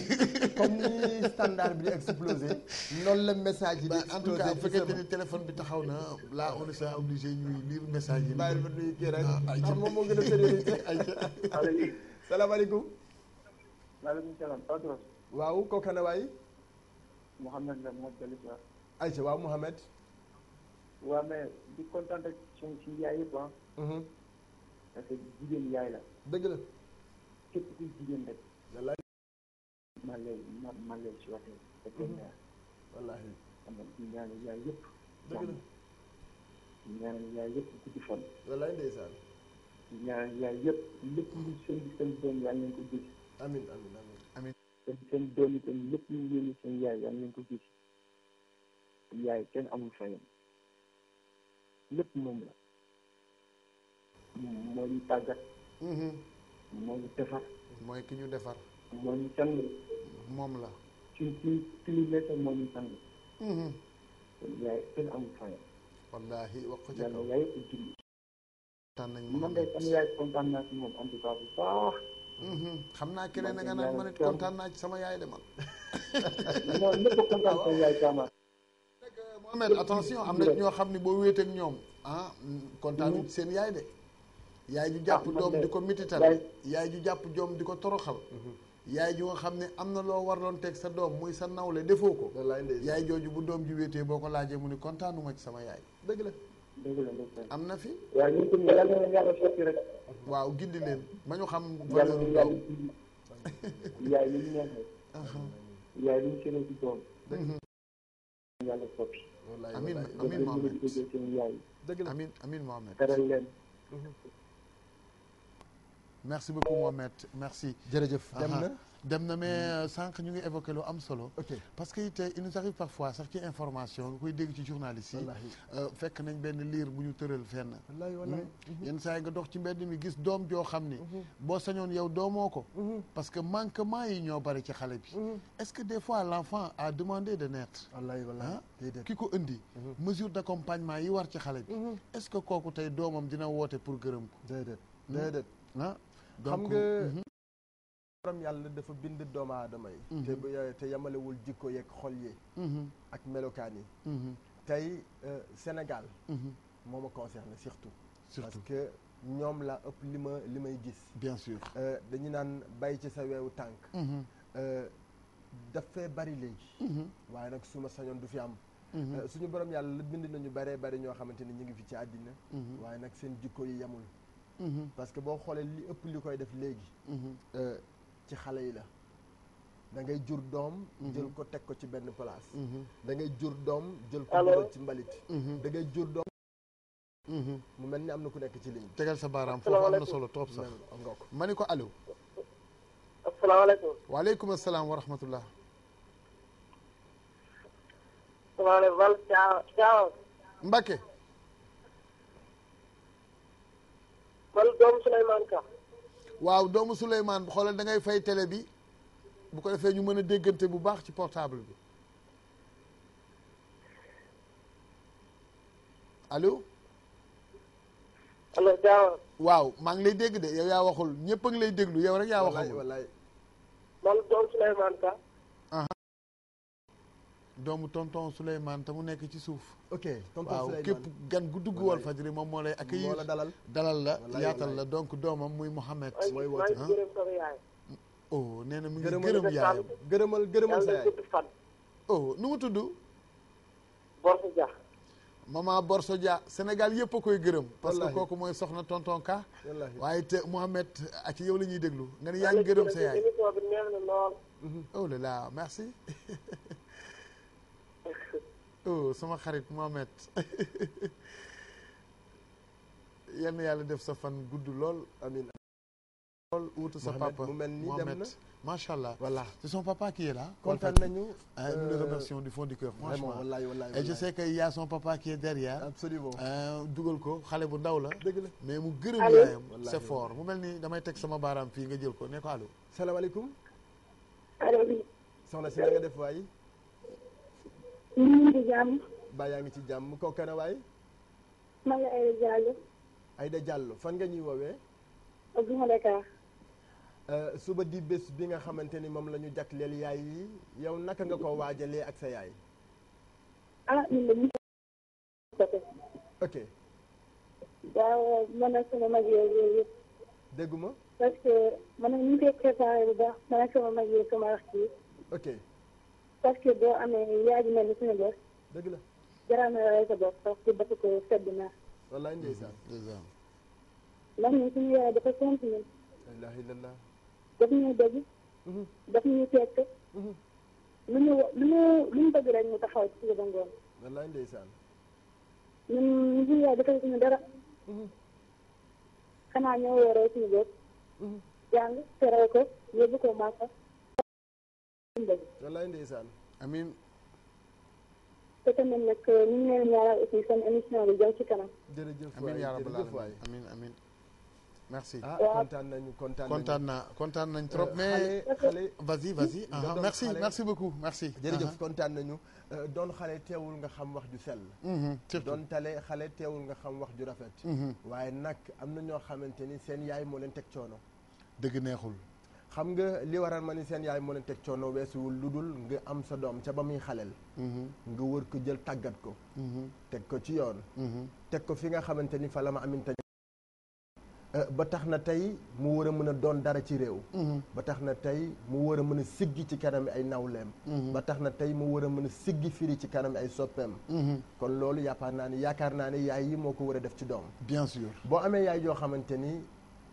comme ni standard bi di explosé noonu la message yi di explosé en téléphone bi taxaw na là on est obligé ñuy lire message yi. bàyyi ah, ah, ma a sérieux ayca waaw kooku Mouhamed la moo jëli quoi. ayca waaw Mouhamed. waaw mais di kontaan rek suñ si yaay yëpp ah. Mhm. parce que jigéen yaay la. dëgg la. képp kuy jigéen rek. wallaay. man lay man man lay si waxee. Mhm. da koy neex. wallaahi. xam nga ñu ñaanal yaay yëpp. dëgg la. ñu ñaanal yaay yëpp guddi fan. wallaay ndeysaan. ñu ñaanal yaay yëpp lépp lu seen seen doom yaa ngi ko gis. amiin amiin amiin. seen seen doom tamit lépp ñu yéene seen yaay yàlla nañ ko gis yaay kenn amul fayam lépp moom la moo ñu tàggat mm-hmm. moo ñu defar mooy ñu defar moo ñu sang moom la ci ci ci ñu nekk moo ñu sang mm-hmm. yaay kenn amul fayam wallaahi wax ko ci kaw yàlla yaay ko julli man de sama yaay kontaan naa si moom en tout cas baax Mm-hmm. xam naa keneen na nga naan man kontaan naa ci sama yaay de man. non ah, attention am na ñoo xam ni boo wéeteeg ñoom ah kontaanu mm-hmm. seen yaay de. yaay ju jàpp ah, doom di ko mitital yaay ju jàpp doom di ko toroxal. Mm-hmm. yaay ju nga xam ne am na loo war warloon teg sa doom muy sa nawle defoo ko. yaay jooju bu doom ji wéetee boo ko laajee mu ni kontaanuma ci sama yaay dëgg la. am na fi. waaw ñun tamit yàlla leen ba xam. yàlla na yàlla yaay li ñu uh-huh. amin amin Mohamed dëgg la amin amin Mohamed. teral leen. Uh-huh. merci beaucoup jërëjëf uh-huh. dem na mais mm. euh, sànq ñu ngi évoqué lu am solo. parce que tey il nous arrive parfois sax ci information nga koy dégg ci journaliste yi. Euh, fekk nañ benn liir bu ñu tëral fenn. Hmm? Mm-hmm. yenn saa nga dox ci mbedd mi gis doom joo xam ni. Mm-hmm. boo sañoon yow doomoo ko. Mm-hmm. parce que manquement yi ñoo bari ci xale bi. est-ce que des fois l'enfant a demandé de naître. wallaahi wallaahi ki ko indi. mesure d'accompagnement yi war ci xale bi. est-ce que kooku tey doomam dina woote pour gërëm ko. déedéet hmm? déedéet. ah donc xam nga. Hmm? borom yàlla dafa bind doomu aadama yi mhm. te te yemalewul jikko yeeg xol yi mhm. ak melokaan yi mhm. tey euh, Sénégal moo ma concerné surtout parce que ñoom la ëpp li ma li may gis bien sûr euh, dañu naan bàyyi ci sa weewu tànk euh, dafay bari léegi waaye nag su sañoon du fi am suñu borom yàlla la bind nañu baree bari ñoo xamante ni ñu ngi fi ci àddina waaye nag seen jikko yi yemul parce boo xoolee li ëpp li koy def léegi ci xale yi la da ngay jur doom mhm. jël ko teg ko ci benn palaas mhm. da ngay jur doom jël ko dugal ci mbalit mhm. dangay jur doom mu mel ni am na ku nekk ci ligne tegal sa baaraam foofu am na solo trop sax nga ko ma ni ko allo asalaamaaleykum waaleykum asalaam wa rahmatullah salaamaaleykum Ka waaw doomu Souleymane xoolal da ngay fay tele bi bu ko defee ñu mën a déggante bu baax ci portable bi allo. allo waaw maa ngi lay dégg de yow yaa waxul ñëpp a ngi lay déglu yow rek yaa waxul. wallaay wallaay doomu tonton Souleymane te mu nekk ci suuf. ok waaw képp gan gu dugg Walfadjri moom moo lay ak moo la dalal dalal la yaatal la donc doomam muy Mouhamed. mooy woote ah oh nee na mu ngi gërëm yaayam gërëmal sa yaay. oh nu mu tudd. Borso Dia. maman Borso Dia Sénégal yëpp a koy gërëm. parce que kooku mooy soxna tonton Ka. waaye te Mouhamed a yow la ñuy déglu. nga ni yaa gërëm sa yaay. Mhm. oh là là merci. oh sama xarit Mohamed yenn yàlla def sa fan gudd lool. amiin lool wuutu sa papa mu mel nii dem na macha allah voilà c'est son papa qui est là. kontaan nañu ah nous le euh, remercions du du cœur. franchement vraiment je sais que y son papa qui est derrière. Euh, dugal ko xale bu ndaw la. dëgg la mais mu gërëm yaayam. c'est fort mu mel nii damay teg sama baaraam fii nga jël ko ne ko allo. ñu ngi ci jàmm. ba yaa ngi ci jàmm kooku kan waay. fan nga ñuy woowee. ma Dakar. Euh, suba di bés bi nga xamante ni moom lañu ñu jagleel yaay yi yow naka nga ko waajalee ak sa yaay. ah waaw man ak sama mag yooyu yëpp. déggu ma. parce parce que boo amee yaay ji mel ni suñu bos. dëgg la jaral na la sa bopp parce que dafa ko sedd na. wallaay ndeysaan ndeysaan. ndax ñun suñu yaay dafa sant ñun. wallaahi lalla. daf ñuy dégg. Mhm. daf ñuy tekk. Mhm. lu ñu lu ñu lu ñu bëgg rek mu taxaw ci suba ngoon. wallaay ndeysaan. ñun suñu yaay dafa suñu dara. Mhm. xanaa ñoo yoroo suñu bopp. jàng teree ko yóbbu ko maaka. wallaay ndeysaan amiin te tamit nag ñu ngi leen ñaanal aussi seen jërëjëf amiin merci ah, kontaan nañu kontaan kontaan nañ trop euh, mais xale vas-y vas-y ah, merci merci beaucoup merci jërëjëf ah, kontaan nañu euh, doon xale teewul nga xam wax ju sell mm-hmm, surtout doon tale xale teewul nga xam wax ju rafet mm-hmm. waaye nag am na ñoo xamante ni seen yaay moo leen teg coono dëgg neexul xam nga li waral ma ni seen yaay moo leen teg coono weesuwul lu dul nga am sa doom ca ba muy xaleel mhm. nga wër ko jël tàggat ko mhm. teg ko ci yoon mhm. teg ko fi nga xamante ni fa la ma aminte eh, ba tax na tey mu war a mën a doon dara ci réew tax na tey mu war a mën a siggi ci kanam ay nawleem ba tax na tey mu war a mën a siggi firi ci kanam ay soppeem kon loolu yaakaar naa ne yaakaar naa ne yaay yi moo ko war a def ci doom bien sûr boo amee yaay yoo xamante ni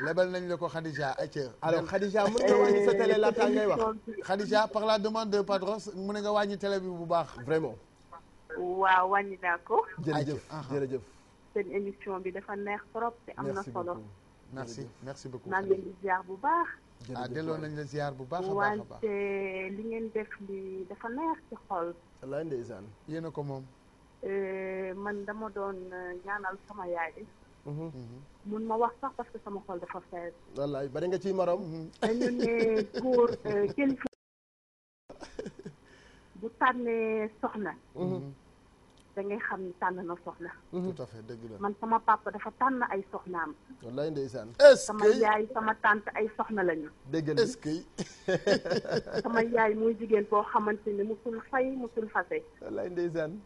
lebal nañ la ko Khadija ayca. alors Khadija mën nga eh, wàññi sa télé laataa eh, ngay wax. Khadija par la demande de Padros mu ne nga wàññi télé bi bu baax. vraiment. waaw wàññi naa ko. jërëjëf uh-huh. jërëjëf. seen émission bi dafa neex trop te am na solo. merci merci beaucoup maa ngi leen di ziar bu baax. ah delloo nañ la ziar bu baax a baax li ngeen def li dafa neex ci xol. wallaay ndeysaan. ko moom. Euh, man dama doon euh, ñaanal sama yaay. Mm-hmm. mun ma wax sax parce que sama xol dafa fees. wallaay bari nga ciy morom. Mm-hmm. dañu ne góor euh, kilifa bu tànnee soxna. Mm-hmm. da ngay xam ni tànn na soxna. tout à fait dëgg la man sama papa dafa tànn ay soxnaam. wallaay ndeysaan. est-ce que sama yaay sama tante ay soxna lañu. dëgg sama yaay muy jigéen boo xamante ni musul fay musul fase. wallaay ndeysaan.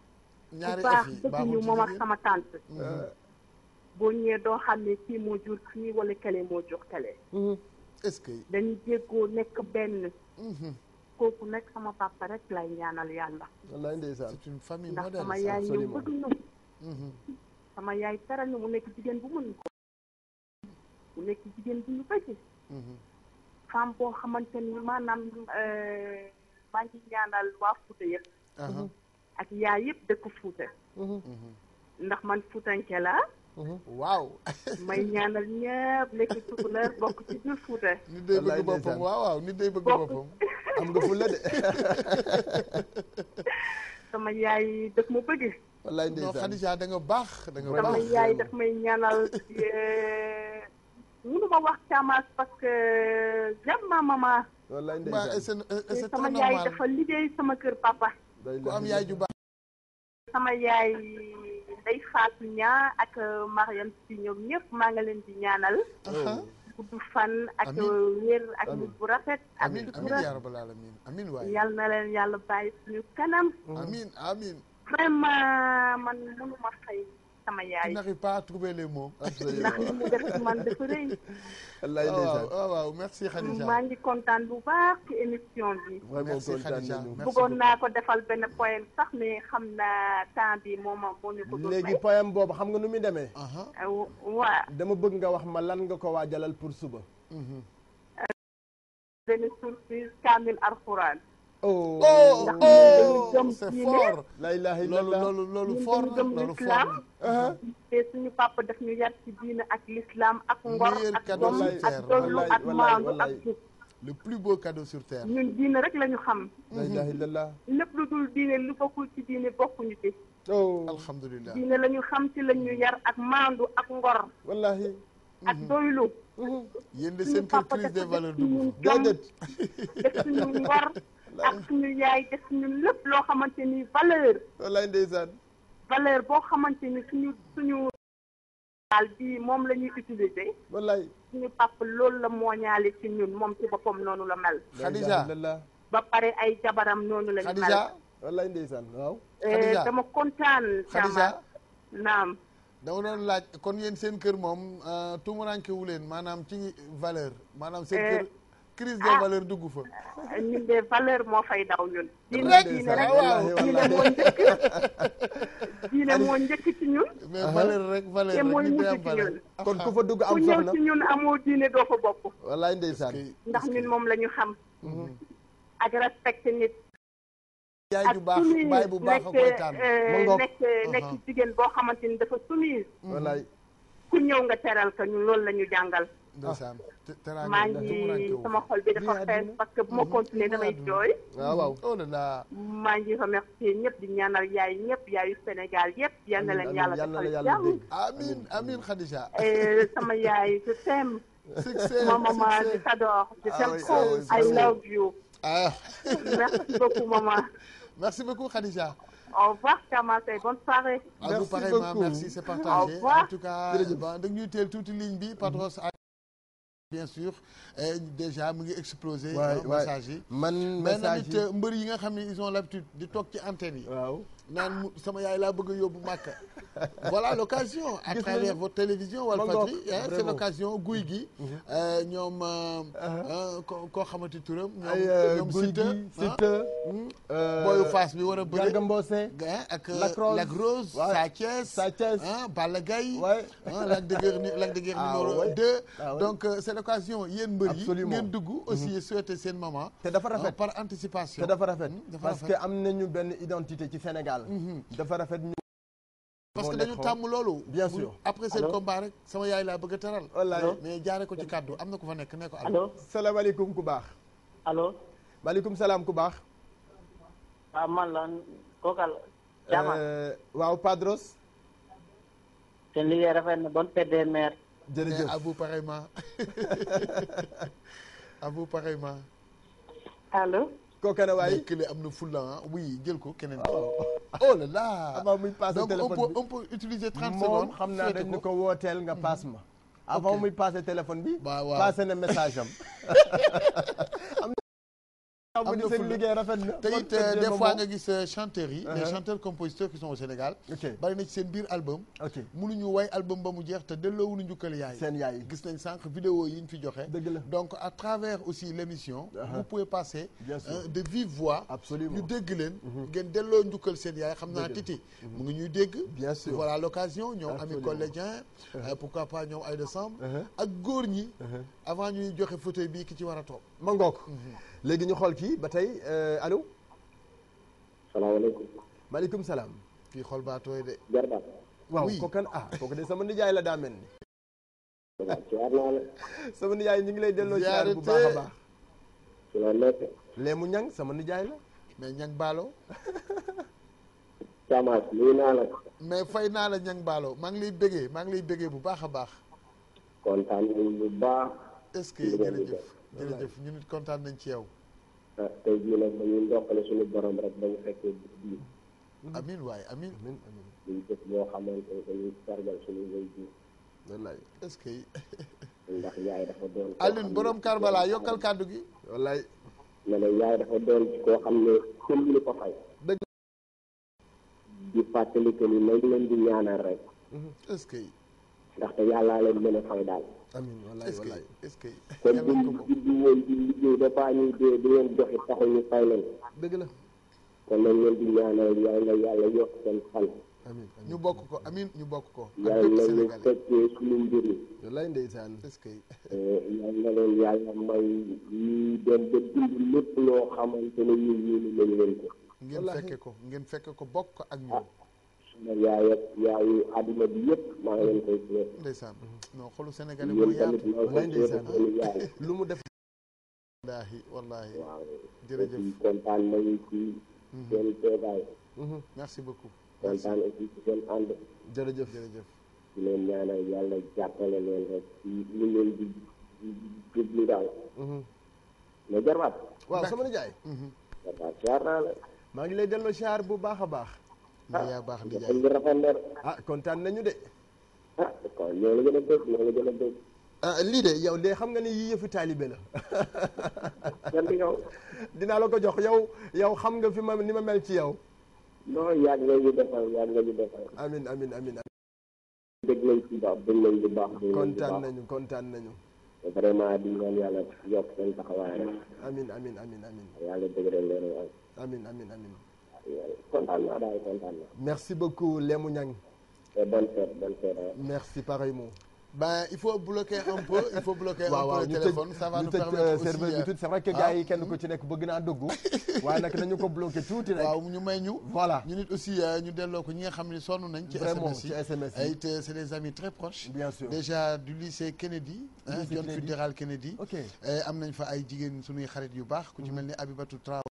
ñaari baax dëgg ñu moom ak sama tante. boo ñëwee doo xam ne kii moo jur kii wala kale moo jur kale. Mm-hmm. est-ce que. dañuy jéggoo nekk benn. Mm-hmm. kooku nag sama papa lay ñaanal yàlla. wallaay ndeysaan c'est ndax mm-hmm. sama yaay ñëw bëgg ñu. sama yaay teral na mu nekk jigéen bu mën ko. mu nekk jigéen bu ñu bëgg. boo xamante maanaam euh, maa ngi ñaanal waa Fuuta yëpp. Uh-huh. ak yaay yëpp dëkk Fuuta. ndax man Fuutanke laa. waaw may ñaanal ñëpp nekk tukulër bokk ci biir Fuuta nit day bëgg boppam waaw waaw nit day bëgg boppam am nga fulla de sama yaay daf ma bëgg wallaay ndeysaan baax da nga sama yaay daf may ñaanal euh, ma parce que ma maman wallaay euh, sama yaay dafa liggéey sama kër papa ku am yaay ju day faatu ñaa ak euh, Mariam si ñoom ñëpp maa nga leen di ñaanal. Uh-huh. gudd fan ak euh, wér ak bu rafet. ak sutura amiin na leen yàlla bàyyi suñu kanam. amiin amiin vraiment man mënuma fay. sama yaay. tu n'arrives pas à trouver les mots. absolument ndax li mu def man dafa rëy. wallaay ah, ah, merci Khadija. maa ngi kontaan bu baax ci émission bi. vraiment kontaan nañu naa ko defal benn poème sax mais xam naa temps bi moom moo ñu ko. léegi poème boobu xam nga nu muy demee. Euh, waa. Ah. dama bëgg nga wax ma lan nga ko waajalal pour suba. Mhm. Euh, benn surprise kaamil alxuraan. oh oh c'est fort. la ilaha illallah loolu loolu loolu fort loolu uh-huh. fort. te suñu papa daf ñu yar ci diina ak l'islam ak ngor ak doom ak dollu ak maandu le plus beau cadeau sur terre. ñun diine rek lañu xam. la ilaha illallah. lépp lu dul diine lu bokkul ci diine bokkuñu ci. oh alhamdulilah diine la ñu xam ci la ñu yar ak maandu ak ngor. wallahi ak mm-hmm. doylu. Mm-hmm. yéen de def suñu ngor. ak suñu yaay def ñun lépp loo xamante ni valeur. wallaay ndeysaan. valeur boo xamante ni suñu suñu. daal bii moom la ñuy utiliser. wallaay suñu papa loolu la mooñaale ci ñun moom ci boppam noonu la mel. Khadija ba pare ay jabaram noonu la ñu mel. Khadija wallaay ndeysaan waaw. Eh, Khadija dama kontaan. Khadija naam. dama doon laaj kon yéen seen kër moom euh, tuumuranke wu leen maanaam ci valeur. maanaam seen eh, kër. crise des ah. valeurs dugg fa. Ah, ñun de valeur moo fay daw ñun. diine diine rek diine moo njëkk. ci ñun. mais valeur rek valeur rek kon ku fa dugg am soxla ku ñëw ci ñun amoo ndax moom la ñu xam. Mhm. ak respecté nit. bu baax baay euh, mhm. xamante ni dafa soumise. wallaay ñëw nga teral ka ñun loolu la ñu jàngal. ndeysaan maa ngi sama xol bi dafa fees parce que bu ma continuer damay jooy. waaw waaw oh là là. maa ngi remercier ñëpp di ñaanal yaay ñëpp yaayu Sénégal yëpp. yal na leen yàlla defal jàmm amiin amiin Khadija. Eh, sama yaay je t'aime. succès ma maman je t'adore. je ah t'aime trop ah I love you. ah. merci beaucoup maman. merci beaucoup Khadija. au revoir Kama Sey bonne soirée. merci beaucoup à vous pareillement merci c'est partagé. en tout cas jërëjëf dañuy teel tuuti ligne bi Padros. bien sûr euh, déjà mu ngi explosé. Euh, waay message yi man message yi mais euh, nit mbër yi nga xam ne ils ont l'habitude di toog ci antenne yi. waaw naan sama yaay laa bëgg a yóbbu Màkka voilà l'occasion à travers votre télévision Walfadjri c'est l'occasion guy gi mhm. euh, ñoom euh, uh-huh. koo xamante turam ñoom euh, Siteu Siteu hmm? booyu Fass bi war a bëri Garga Mbossé ak Lac Sa Thiès Sa Thiès Balla Gaye Lac de Guiers Lac ah ah donc c'est l'occasion yéen mbër yi ngeen dugg mhm. aussi souhaiter seen maman te dafa rafet par anticipation te dafa rafet hmm, parce que am nañu benn identité ci Sénégal daal. dafa rafet ñu. parce que dañu tàmm loolu. bien sûr après seen combat rek sama yaay laa bëgg a teral. wallaahi mais jaare ko ci kàddu am na ku fa nekk ne ko. allo salaamaaleykum ku baax. allo. maaleykum salaam ku baax. waaw man la kookal. jaama euh, waaw rafet na bonne fête des mères. jërëjëf mais à vous pareillement à vous pareillement. ko ne waaye kële am na fulla ah, oui jël ko keneen. oh, oh, oh là là. avant muy passé téléphone bi donc on peut on moom xam naa dañu ko wooteel nga passe ma. avant muy passé téléphone bi. waaw waaw passé na message am. am na seen liggéey rafet na te it euh, des fois nga gis euh, chanteurs yi les uh-huh. chanteurs compositeurs qui sont au Sénégal bari na ci seen biir album ok ñu way album ba mu jeex te delloowuñu njukkal yaay seen yaay gis nañ sànq vidéo yi ñu fi joxe dëgg la donc à travers aussi l'émission uh-huh. vous pouvez passer euh, de vive voix absolument ñu dégg leen uh-huh. ngeen delloo njukkal seen yaay xam naa titi mu ngi ñuy dégg bien sûr voilà l'occasion ñoom ami collégien pourquoi pas ñoom ay décembre ak góor ñi avant ñuy joxe fauteuil bii ki ci war a toog ma léegi ñu xool kii ba tey euh, alo salaamaaleykum. maaleykum salaam. fii xool baa tooy de. jarbaat. waaw ko ah, sama nijaay la daa mel ni. sama nijaay ñu ngi lay delloo. ziar bu baax a baax. leemu ñang sama nijaay la. mais ñang baalo. Camas lii naa mais fay naa la ñang baalo maa ngi lay bëggee maa ngi lay bëggee bu baax a baax. kontaan bu baax. est-ce jërëjëf ñu nit kontaan nañ ci yow. ah tey jii nag ñu ndokkale suñu boroom rek dañu fekkee bis amin waaye amin amin amin ñuñ jëf ñoo xamante ne dañuy sargal suñu ngay ji wallaay est-ce que ndax yaay dafa doon Alioune borom Karbala yokkal kàddu gi wallaay ma yaay dafa doon ci koo xam ne xel ñu ko fay dëgg di fàttali que leen di ñaanal rek est-ce que ndaxte yàllaa leen mën a fay daal amiin wallaay wallaay est-ce que kon buñ juddu woon di liggéey ba faa ñuy dee di leen joxe taxul ñu ñu bokk ko amiin ñu bokk ko yàlla ñu fekkee suñu mbir yi ce que euh, yàlla leen yàlla loo xamante ne ko ngeen fekke ko bokk ko ak ñoom ah, suma yaay yaayu àdduna bi yëpp maa ngi leen koy ndeysaan non xolu sénégalais moo yaatu lay lu mu def wallaahi wallaahi jërëjëf kontaan nañu mhm. mhm. merci beaucoup kontaan aussi ci seen ànd jërëjëf jërëjëf di yàlla jàppale leen rek ci li ngeen di jublu daal mhm. mais jarwaat waaw sama nijaay la maa ngi lay delloo siyaar bu baax a baax ah, yaa baax nijaay ah kontaan nañu de Ah, lii de yow de xam nga ni yii yëfi taalibe la. dinaa la ko jox yow yow xam nga fi ma ni ma mel ci yow. non yàgg nga ñu defal yàgg nga ñu defal. amin amin amin baax dégg nañ bu kontaan nañu kontaan di ñaan yàlla yokk seen taxawaay rek. amin amin amin amin. yàlla dëgëral leen waay. kontaan naa daal kontaan naa. merci beaucoup Lému Niang. Et bonne fête, bonne fête. Hein. Merci, pareillement. ben il faut bloquer un peu il faut bloquer un peu le téléphone ça va nous permettre euh, aussi serveur bi tuuti c'est vrai que gars yi kenn ku ci nekk bëgg naa dugg waaye nag nañu ko bloqué tuuti rek waaw ñu may ñu voilà ñu nit aussi euh, ñu delloo ko ñi nga xam ne sonn nañ ci SMS yi SMS yi it c'est des amis très proches bien sûr déjà du lycée Kennedy John Fitzgerald Kennedy am nañ fa ay jigéen suñuy xarit yu baax ku ci mhm. mel ni Abibatou Traoré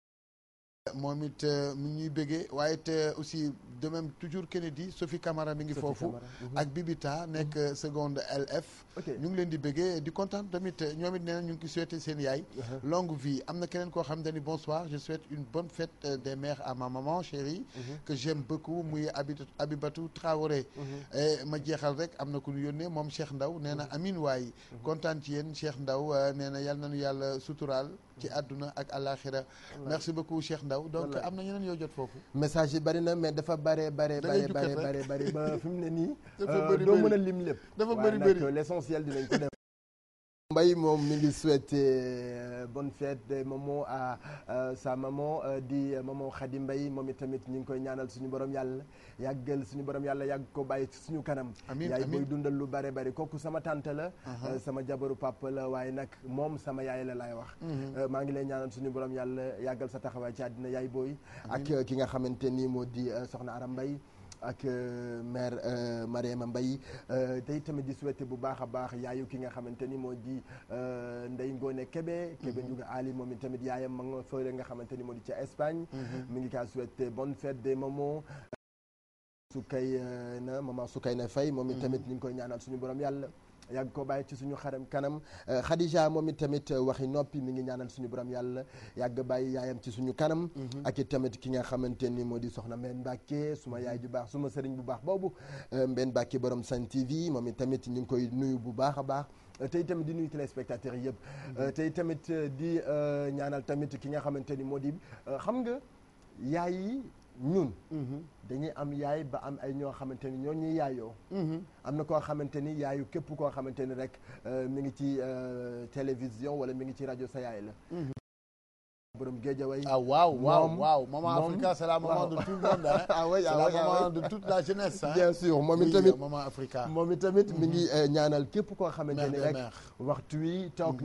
moom it euh, mi ñuy bëggee waaye te euh, aussi de toujours Kennedy Sophie Camara mi ngi foofu mhm. ak Bibita nekk mhm. euh, seconde LF ñu ngi leen di bëggee di kontaan tamit ñoom it nee na ñu ngi souhaité seen yaay uh-huh. longue vie am na keneen koo xam ne ni bonsoir je souhaite une bonne fête des mères à ma maman chérie mhm. que j'aime beaucoup muy abi Abibatou ma jeexal rek am na ku ñu yónnee moom Cheikh Ndaw nee na amin waay kontaan ci yéen Cheikh Ndaw nee na yàlla nañu yàlla sutural ci àdduna ak àllaaxira merci beaucoup Cheikh Ndaw donc am na ñeneen yoo jot foofu message yi bari na mais dafa bare bare bare bare bare ba fi mu ne nii euh, doo mën a lim lépp dafa bëri bëri l'essentiel dinañ ko def Mbaye moom mi ngi souhaité euh, bonne fête de maman à euh, sa maman euh, di maman Khady mbay moom itamit ñu ngi koy ñaanal suñu borom yàlla yàggal suñu borom yàlla yàgg ko bàyyi ci suñu kanam yaay booy dundal lu bare bari kooku sama tante la sama jabaru papa la waaye nag moom sama yaay la laay wax mhm. maa ngi lay ñaanal suñu borom yàlla yàggal sa taxawaay ci àddina yaay booy ak ki nga xamante nii moo di soxna Aram mbay ak euh, maire euh, Mariama Mbaye euh, tey tamit di souhaité bu baax a baax yaayu ki nga xamante ni moo di Ndeye Ngone kebe mm-hmm. Kébé Ndiouga Ali moom tamit yaayam ma nga fële nga xamante ni moo di ca Espagne. Mm-hmm. mi ngi kaa bon bonne fête des mamans. Sukay na maman Sukay na Faye moom mm-hmm. tamit ñu ngi koy ñaanal suñu borom yàlla. yàgg ko bàyyi ci suñu xaram kanam euh, Khadija moom it tamit euh, waxi noppi mi ngi ñaanal suñu borom yàlla yàgg bàyyi yaayam ci suñu kanam mhm. ak it tamit ki nga xamante ni moo di soxna Mbène Mbacke suma yaay ju baax suma sëriñ bu baax boobu euh, Mbène Mbacke borom Sen TV moom it tamit ñu ngi koy nuyu bu baax a baax tey tamit di nuyu téléspectateurs yi yëpp mhm. tamit di ñaanal tamit ki nga xamante ni moo di xam nga yaay yi ñun. Mm-hmm. dañuy am yaay ba am ay ñoo xamante ni ñoo ñuy yaayoo. Mm-hmm. am na koo xamante ni yaayu képp koo xamante ni rek euh, mi ngi ci euh, télévision wala mi ngi ci rajo sa yaay la. Mm-hmm. borom Guédiawaye. ah waaw waaw waaw maman Africa c'est la maman de tout le monde hein. ah moom itamit maman mi ngi euh, ñaanal képp koo xamante ni rek. waxtu wi toog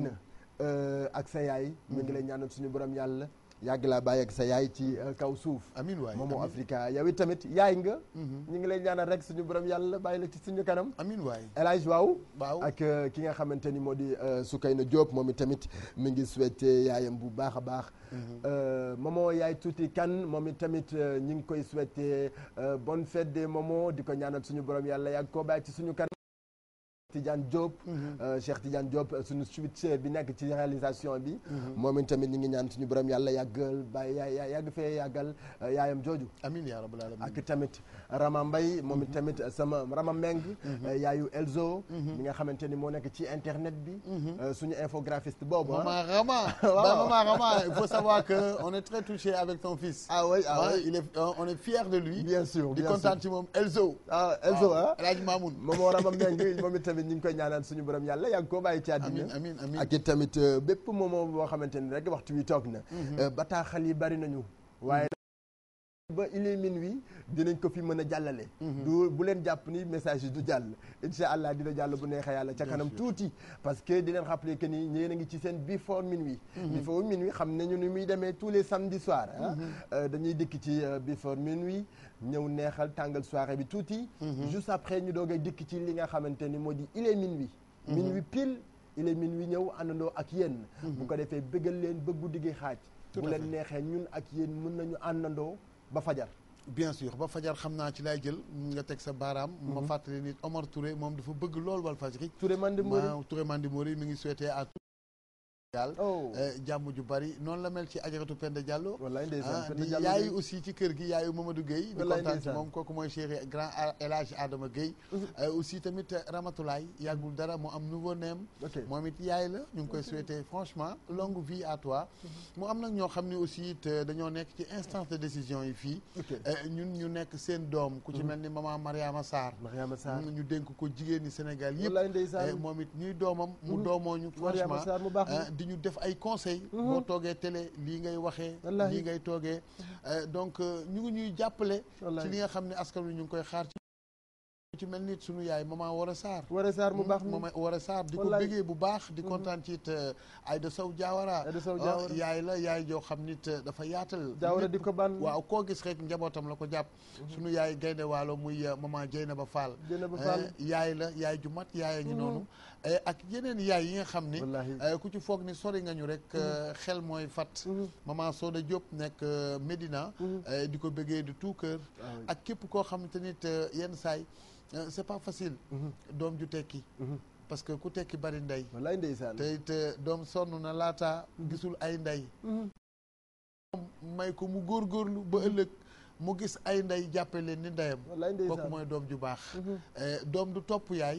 ak sa yaay. mi ngi lay ñaanal suñu borom yàlla. yàgg laa bàyyi ak sa yaay ci euh, kaw suuf. amiin waay moomu Afrika yow it tamit yaay nga. Mhm. ñu ngi lay ñaanal rek suñu borom yàlla bàyyi la ci suñu kanam. amiin waay El waaw. waaw ak euh, ki nga xamante ni moo di su euh, Soukayna Diop moom it tamit mu ngi souhaité yaayam bu baax a baax. maman yaay tuuti kan moom it tamit ñu ngi koy souhaité bonne fête des mamans di ko ñaanal suñu borom yàlla yàgg koo bàyyi ci suñu kanam. Tidiane Diop. Mhm. Euh, Cheikh Tidiane Diop euh, suñu switcher bi nekk ci réalisation bi. Mhm. moom tamit ñu ngi ñaan suñu borom yàlla yàggal bàyyi ya yàgg fee yàggal euh, yaayam jooju. amiin yaa rabbal alamin ak tamit Rama Mbaye moom mhm. tamit sama Rama Meng. yaayu Elzo. mi nga xamante ni moo nekk ci internet bi. suñu infographiste boobu ah. maman Rama waaw maman Rama il faut savoir que on est très touché avec ton fils. Ah ah on est fier de lui. bien sûr bien sûr di moom Elzo. Ah, tamit. tamit ñu ngi koy ñaanal suñu borom yàlla yaa ngi koo bàyyi ci àddina amiin amiin ak it tamit euh, bépp moment boo xamante ni rek waxtu wi toog na mm-hmm. euh, bataaxal yi bari nañu waaye ba il est minuit dinañ ko fi mën a jàllale. Mhm. du bu leen jàpp ni message du jàll. incha allah dina jàll bu neexee yàlla ca kanam tuuti. parce que di leen rappeler que ni yéen a ngi ci seen before minuit. Mhm. before minuit xam nañu ni muy demee tous les samedis soirs. Mhm. Euh, dañuy dikk ci euh, before minuit ñëw neexal tàngal soirée bi tuuti. juste après ñu doog dikk ci li nga xamante ni moo di il est min minuit pile il wi ñëw àndandoo ak yéen. bu ko defee bëggal leen bëggu guddi gi xaaj. bu leen neexee ñun ak yéen mën nañu àndandoo. ba fajar bien sûr ba fajar xam naa ci laay jël nga teg sa baaraam ma mhm. fàttali nit Omar Touré moom dafa bëgg lool Walfadjri Touré Mandimori Touré Mandimori mi ngi souhaité at Oh. Euh, jàmm ju bari noonu la mel ci ajaratu Penda Diallo ah, di yaayu aussi ci kër gi yaayu Mamadou Gueye di kontaan ci moom kooku mooy chéri grand El Hadj Adama Gueye euh, aussi tamit Ramatoulaye yàggul dara mu am nouveau neem moom it yaay la ñu ngi koy souhaiter franchement longue vie à toi mhm. mu nag ñoo xam ne aussi it euh, dañoo nekk ci instance de décision yi fii ñun ñu nekk seen doom ku ci mhm. mel ni maman Mariama Sarr ñu dénk ko jigéen ñi Sénégal yëpp moom it ñuy doomam mu mhm. doomoo ñu franchement di ñu def ay conseil mhm. boo toogee télé lii ngay waxee. lii ngay toogee. Euh, donc euh, ñu ngi ñuy jàppale. ci li nga xam ne askan wi ñu ngi koy xaar ci. ci mel nit sunu yaay maman Wara Sarr. Wara Sarr mu baax maman Wara Sarr di ko bëggee bu baax. di mhm. kontaan ci it euh, Aïda Sow Diawara. Aïda Sow oh, yaay la yaay joo xam nit dafa yaatal. Diawara di ko ban waaw koo gis rek njabootam la ko jàpp. Mhm. sunu yaay gaynde waalo muy maman Dieynaba Fall. Dieynaba Fall yaay la yaay ju mat yaay a noonu. Eh, ak yeneen yaay yi nga xam ni eh, ku ci foog ni sori nga ñu rek eh, mm-hmm. xel mooy fat mm-hmm. maman Soda Diop nekk Médina mm-hmm. di ko bëggee de tout cœur ak képp koo xam te nit yenn saay c'est pas facile doom ju tekki parce que ku tekki bari ndey wallaay ndeysaan te doom sonn na laata gisul ay ndey may ko mu góorgóorlu ba ëllëg mu gis ay ndey jàppe leen ni ndeyam kooku mooy doom ju baax mhm. eh, doom du topp yaay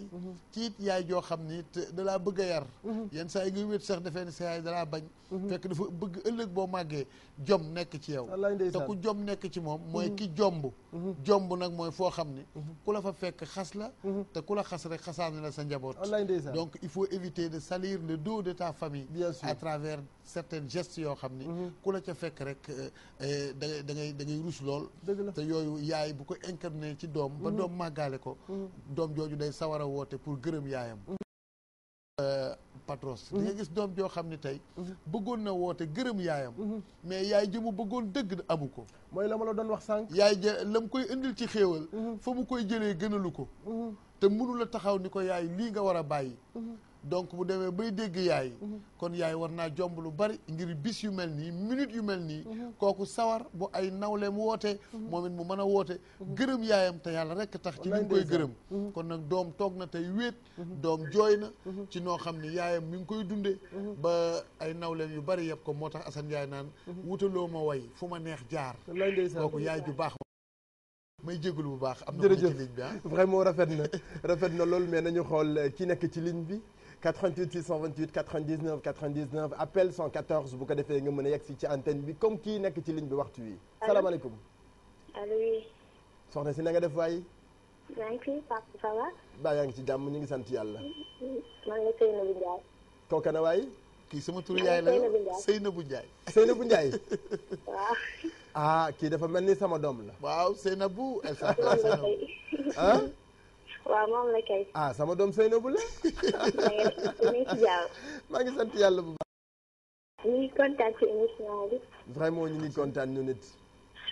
ciit mhm. yaay joo xam ni da laa bëgg a yar mhm. yan saa yi ngay wét sax defee ni sa yaay dalaa bañ Mm-hmm. fekk dafa bëgg ëllëg boo màggee jom nekk ci yow te ku jom nekk ci moom mooy mm-hmm. ki jomb mm-hmm. jomb nag mooy foo xam ni ku la fa fekk xas la te ku la xas rek xasaane la sa njaboot donc il faut éviter de salir le dos de ta famille à travers certaines gest yoo xam ni ku la ca fekk rek euh, euh, da da ngay da ngay rus lool te yooyu yaay bu ko incarné ci doom ba doom màggaale ko doom jooju day sawar a woote pour gërëm yaayam Euh, patros mhm. di nga gis doom joo xam ne tey mhm. bëggoon na woote gërëm yaayam mhm. mais yaay jë jëmu bëggoon dëgg amu ko mooy la ma la doon wax sànq yaay ja la mu koy indil ci xéewal fa mu koy jëlee gënalu ko te mënu la taxaw ni ko yaay lii nga war a bàyyi donc bu demee bay dégg yaay mhm. kon yaay war naa jomb lu bari ngir bis yu mel nii minute yu mel nii mhm. kooku sawar bu ay nawleem wootee mhm. moom it mu mën a woote gërëm yaayam te yàlla rekk tax ci ñu koy gërëm kon nag doom toog na tey wéet doom jooy na ci noo xam ne yaayam mi ngi koy dunde ba ay nawleem yu bari yëpp ko moo tax Assane Ndiaye naan wutaloo ma way fu ma neex jaar kooku yaay ju baax may jégalu bu baax am na jërëjëf ci ligne bi ah vraiment rafet na rafet na loolu mais nañu xool eh, ki nekk ci ligne bi 88 628 99 99 appel 114 bu ko defee nga mën a yegg si ci antenne bi comme kii nekk ci ligne bi waxtu wi. allo salaamaaleykum. si na nga def waay. maa ngi fi Pape ça va. baa yaa ngi ci jàmm ñu ngi sant yàlla. Mm, mm, mm. maa ngi Seynabou Ndiaye. kooka na waay. kii sama turu yaay la Seynabou Ndiaye. Seynabou Ndiaye. waaw. ah kii dafa mel ni sama doom la. waaw Seynabou. ah. waaw moom la kay. ah sama doom Seynabou la. maa ngi sant yàlla bu baax. ñu ngi ci émission bi. vraiment ñu ngi kontaan ñu nit.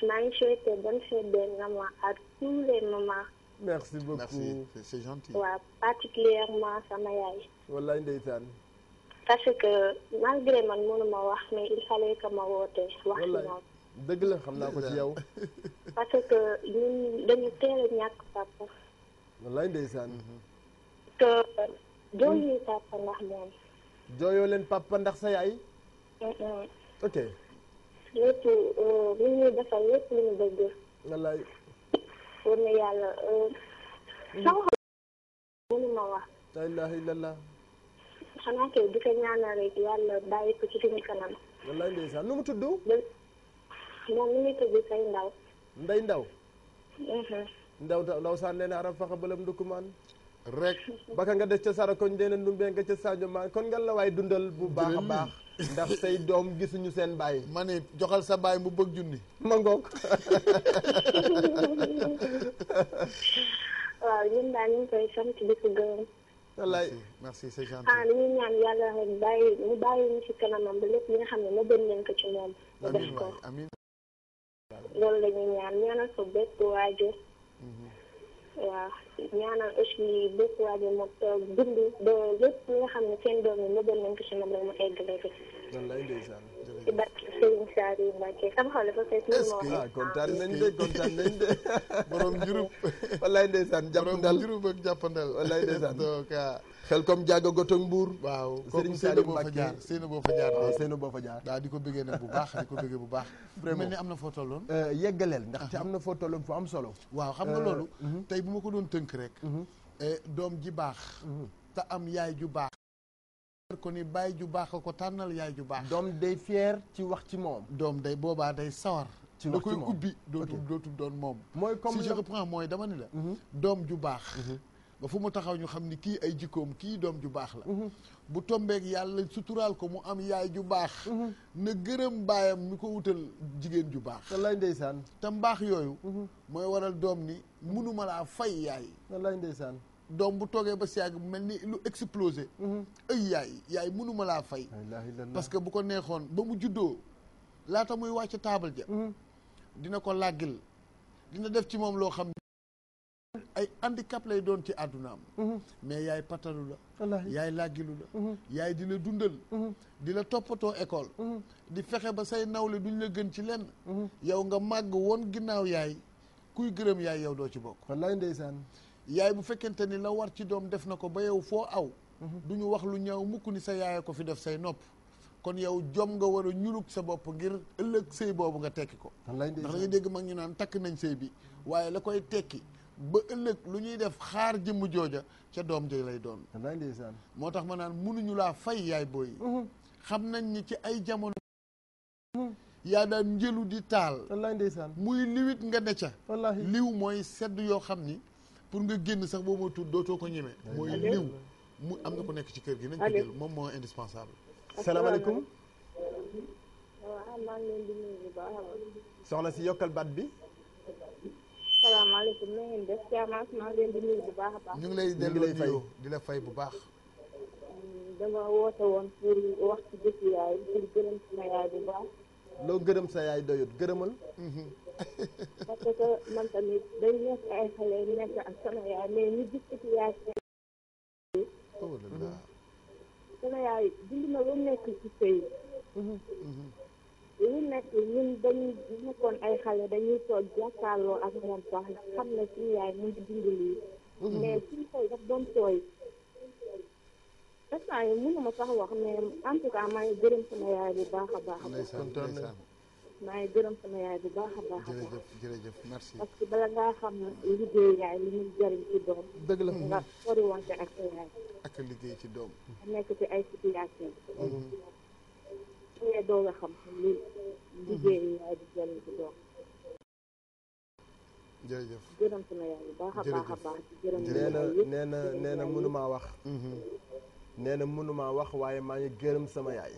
maa ngi souhaité bonne fête des à tous les merci beaucoup merci particulièrement sama yaay. wallaay ndeysaan. parce que malgré man mënuma wax mais il fallait que ma wax ci moom. xam naa ko ci yow. parce que ñun dañu teel papa. wallaay ndeysaan. te jooyee papa ndax moom. jooyoo leen papa ndax sa yaay. ok. lépp euh, lu ñuy defal lépp lu bëgg. wallaay. war na yàlla. Euh, la ilaha illallah. xanaa kay di ko ñaanal rek yàlla bàyyi ko ci suñu kanam. wallaay ndeysaan nu mu tudd. moom mi ngi tudd say ndaw. nday ndaw. ndaw sa saan leene aram faxa balam ndukumaan rek baka nga def ca sara koñ deeneen ndumbe nga ca sadio maan kon nga la waay dundal bu baax a baax ndax say doom gisuñu seen baay ma ne joxal sa baay mu bëgg junni ma ngoog waaw ñun daal ñu koy sant di ko gërëm wallaay merci ah, ñaan yàlla rek ma bën nañ ko ci moom waajur waaw ñaanal aussi bépp waajo mo dund ba lépp li nga xam ne seen doom yi mëbal nañ ko si moom rek mu eggale ko wallaay ndeysaan ci barke Serigne Saliou Mbacké sama xol dafa fees est ah, borom jurub wallaay ndeysaan jàppandal borom jurub ak jàppandal wallaay xel comme jàgg goto mbuur waaw sëriñ Saliou boo fa jaar seena boo fa jaar waaw seena boo fa jaar waaw di ko bëggee nag bu baax di ko bëggee bu baax vraiment mel ni am na foo tolloon euh, yeggaleel ndaxte am na foo tolloon fu am solo waaw xam nga euh, loolu mhm. tey bu ma ko doon tënk rek mhm. euh, doom ji baax mhm. te am yaay ju baax ko ni baay ju baax ko tànnal yaay ju baax doom day fier ci wax ci moom doom day boobaa day sawar ci wax ci moom da koy doon moom mooy comme si je mooy dama la doom ju baax ba fu mu taxaw ñu xam ni kii ay jikkoom kii doom ju baax la mhm. bu tombeek yàlla suturaal ko mu am yaay ju baax mhm. na gërëm baayam mi ko wutal jigéen ju baax wallaay ndeysaan te mbaax yooyu mhm. mooy waral doom ni munuma laa fay yaay wallaay ndeysaan doom bu toogee ba si yàgg mel ni lu explosé ay yaay yaay munuma laa fay parce que bu ko neexoon ba mu juddoo laata muy wàcc taabal ja dina ko làggil dina def ci moom loo xam ay handicap lay doon ci àddunaam mhm. mais yaay patalu la yaay làggilu la mhm. yaay di la dundal mhm. di la toppatoo école di fexe ba say nawle duñ la gën ci lenn yow nga màgg woon ginnaaw yaay kuy gërëm yaay yow doo ci bokk wallaay ndeysaan yaay bu fekkente ni la war ci doom def na ko ba yow foo aw du wax lu ñaaw mukk ni sa yaay ko fi def say nopp kon yow jom nga war a sa bopp ngir ëllëg sëy boobu nga tekki ko ndax nga dégg mag naan takk nañ sëy bi waaye la koy tekki ba ëllëg lu ñuy def xaar jëmm jooja ca doom ja lay doon moo tax ma naan munuñu laa fay yaay booy uhuh. xam nañ ni ci ay jamono uhuh. yaa daan njëlu di taal muy liwit nga ne ca liw mooy sedd yoo xam ni pour nga génn sax boo dootoo ko ñeme mooy liw mu am na ko nekk ci kër gi nañ ko jël moom moo indispensable salaamaaleykum soxna si yokkal baat bi asalaamaaleykum na ngeen def Thiamas maa leen di nuyu bu baax baax. ñu ngi lay delloo fay di la fay bu baax. Mm, dama woote woon pour wax ci jëfu yaay pour gërëm sama yaay bu baax. loo gërëm sa yaay doyut gërëmal. Mhm. parce que man tamit day nekk ay xale nekk ak sama yaay mais ñu gis yaay. Oh sama yaay dund na ba nekk ci sëy. Mhm. Mhm. lu nekk ñun dañuy bu nekkoon ay xale dañuy toog jàkkaarloo ak moom sax xam ne suñu yaay mu ngi dund lii. Mhm. mais suñu xol daf doon tooy. instant yii mënuma sax wax mais en tout maa ngi gërëm sama yaay bu baax a baax. ndeysaan ndeysaan maa ngi gërëm sama yaay bu baax a baax. jërëjëf jërëjëf merci. parce que bala ngaa xam liggéey yaay li muy jëriñ ci doom. dëgg la nga soriwante ak sa yaay. ak liggéey ci doom. nekk ci ay situation. Mhm. bu dee doo nga jërëjëf gërëm si na nee na nee na nee na mënumaa wax nee na wax waaye maa ngi gërëm sama yaay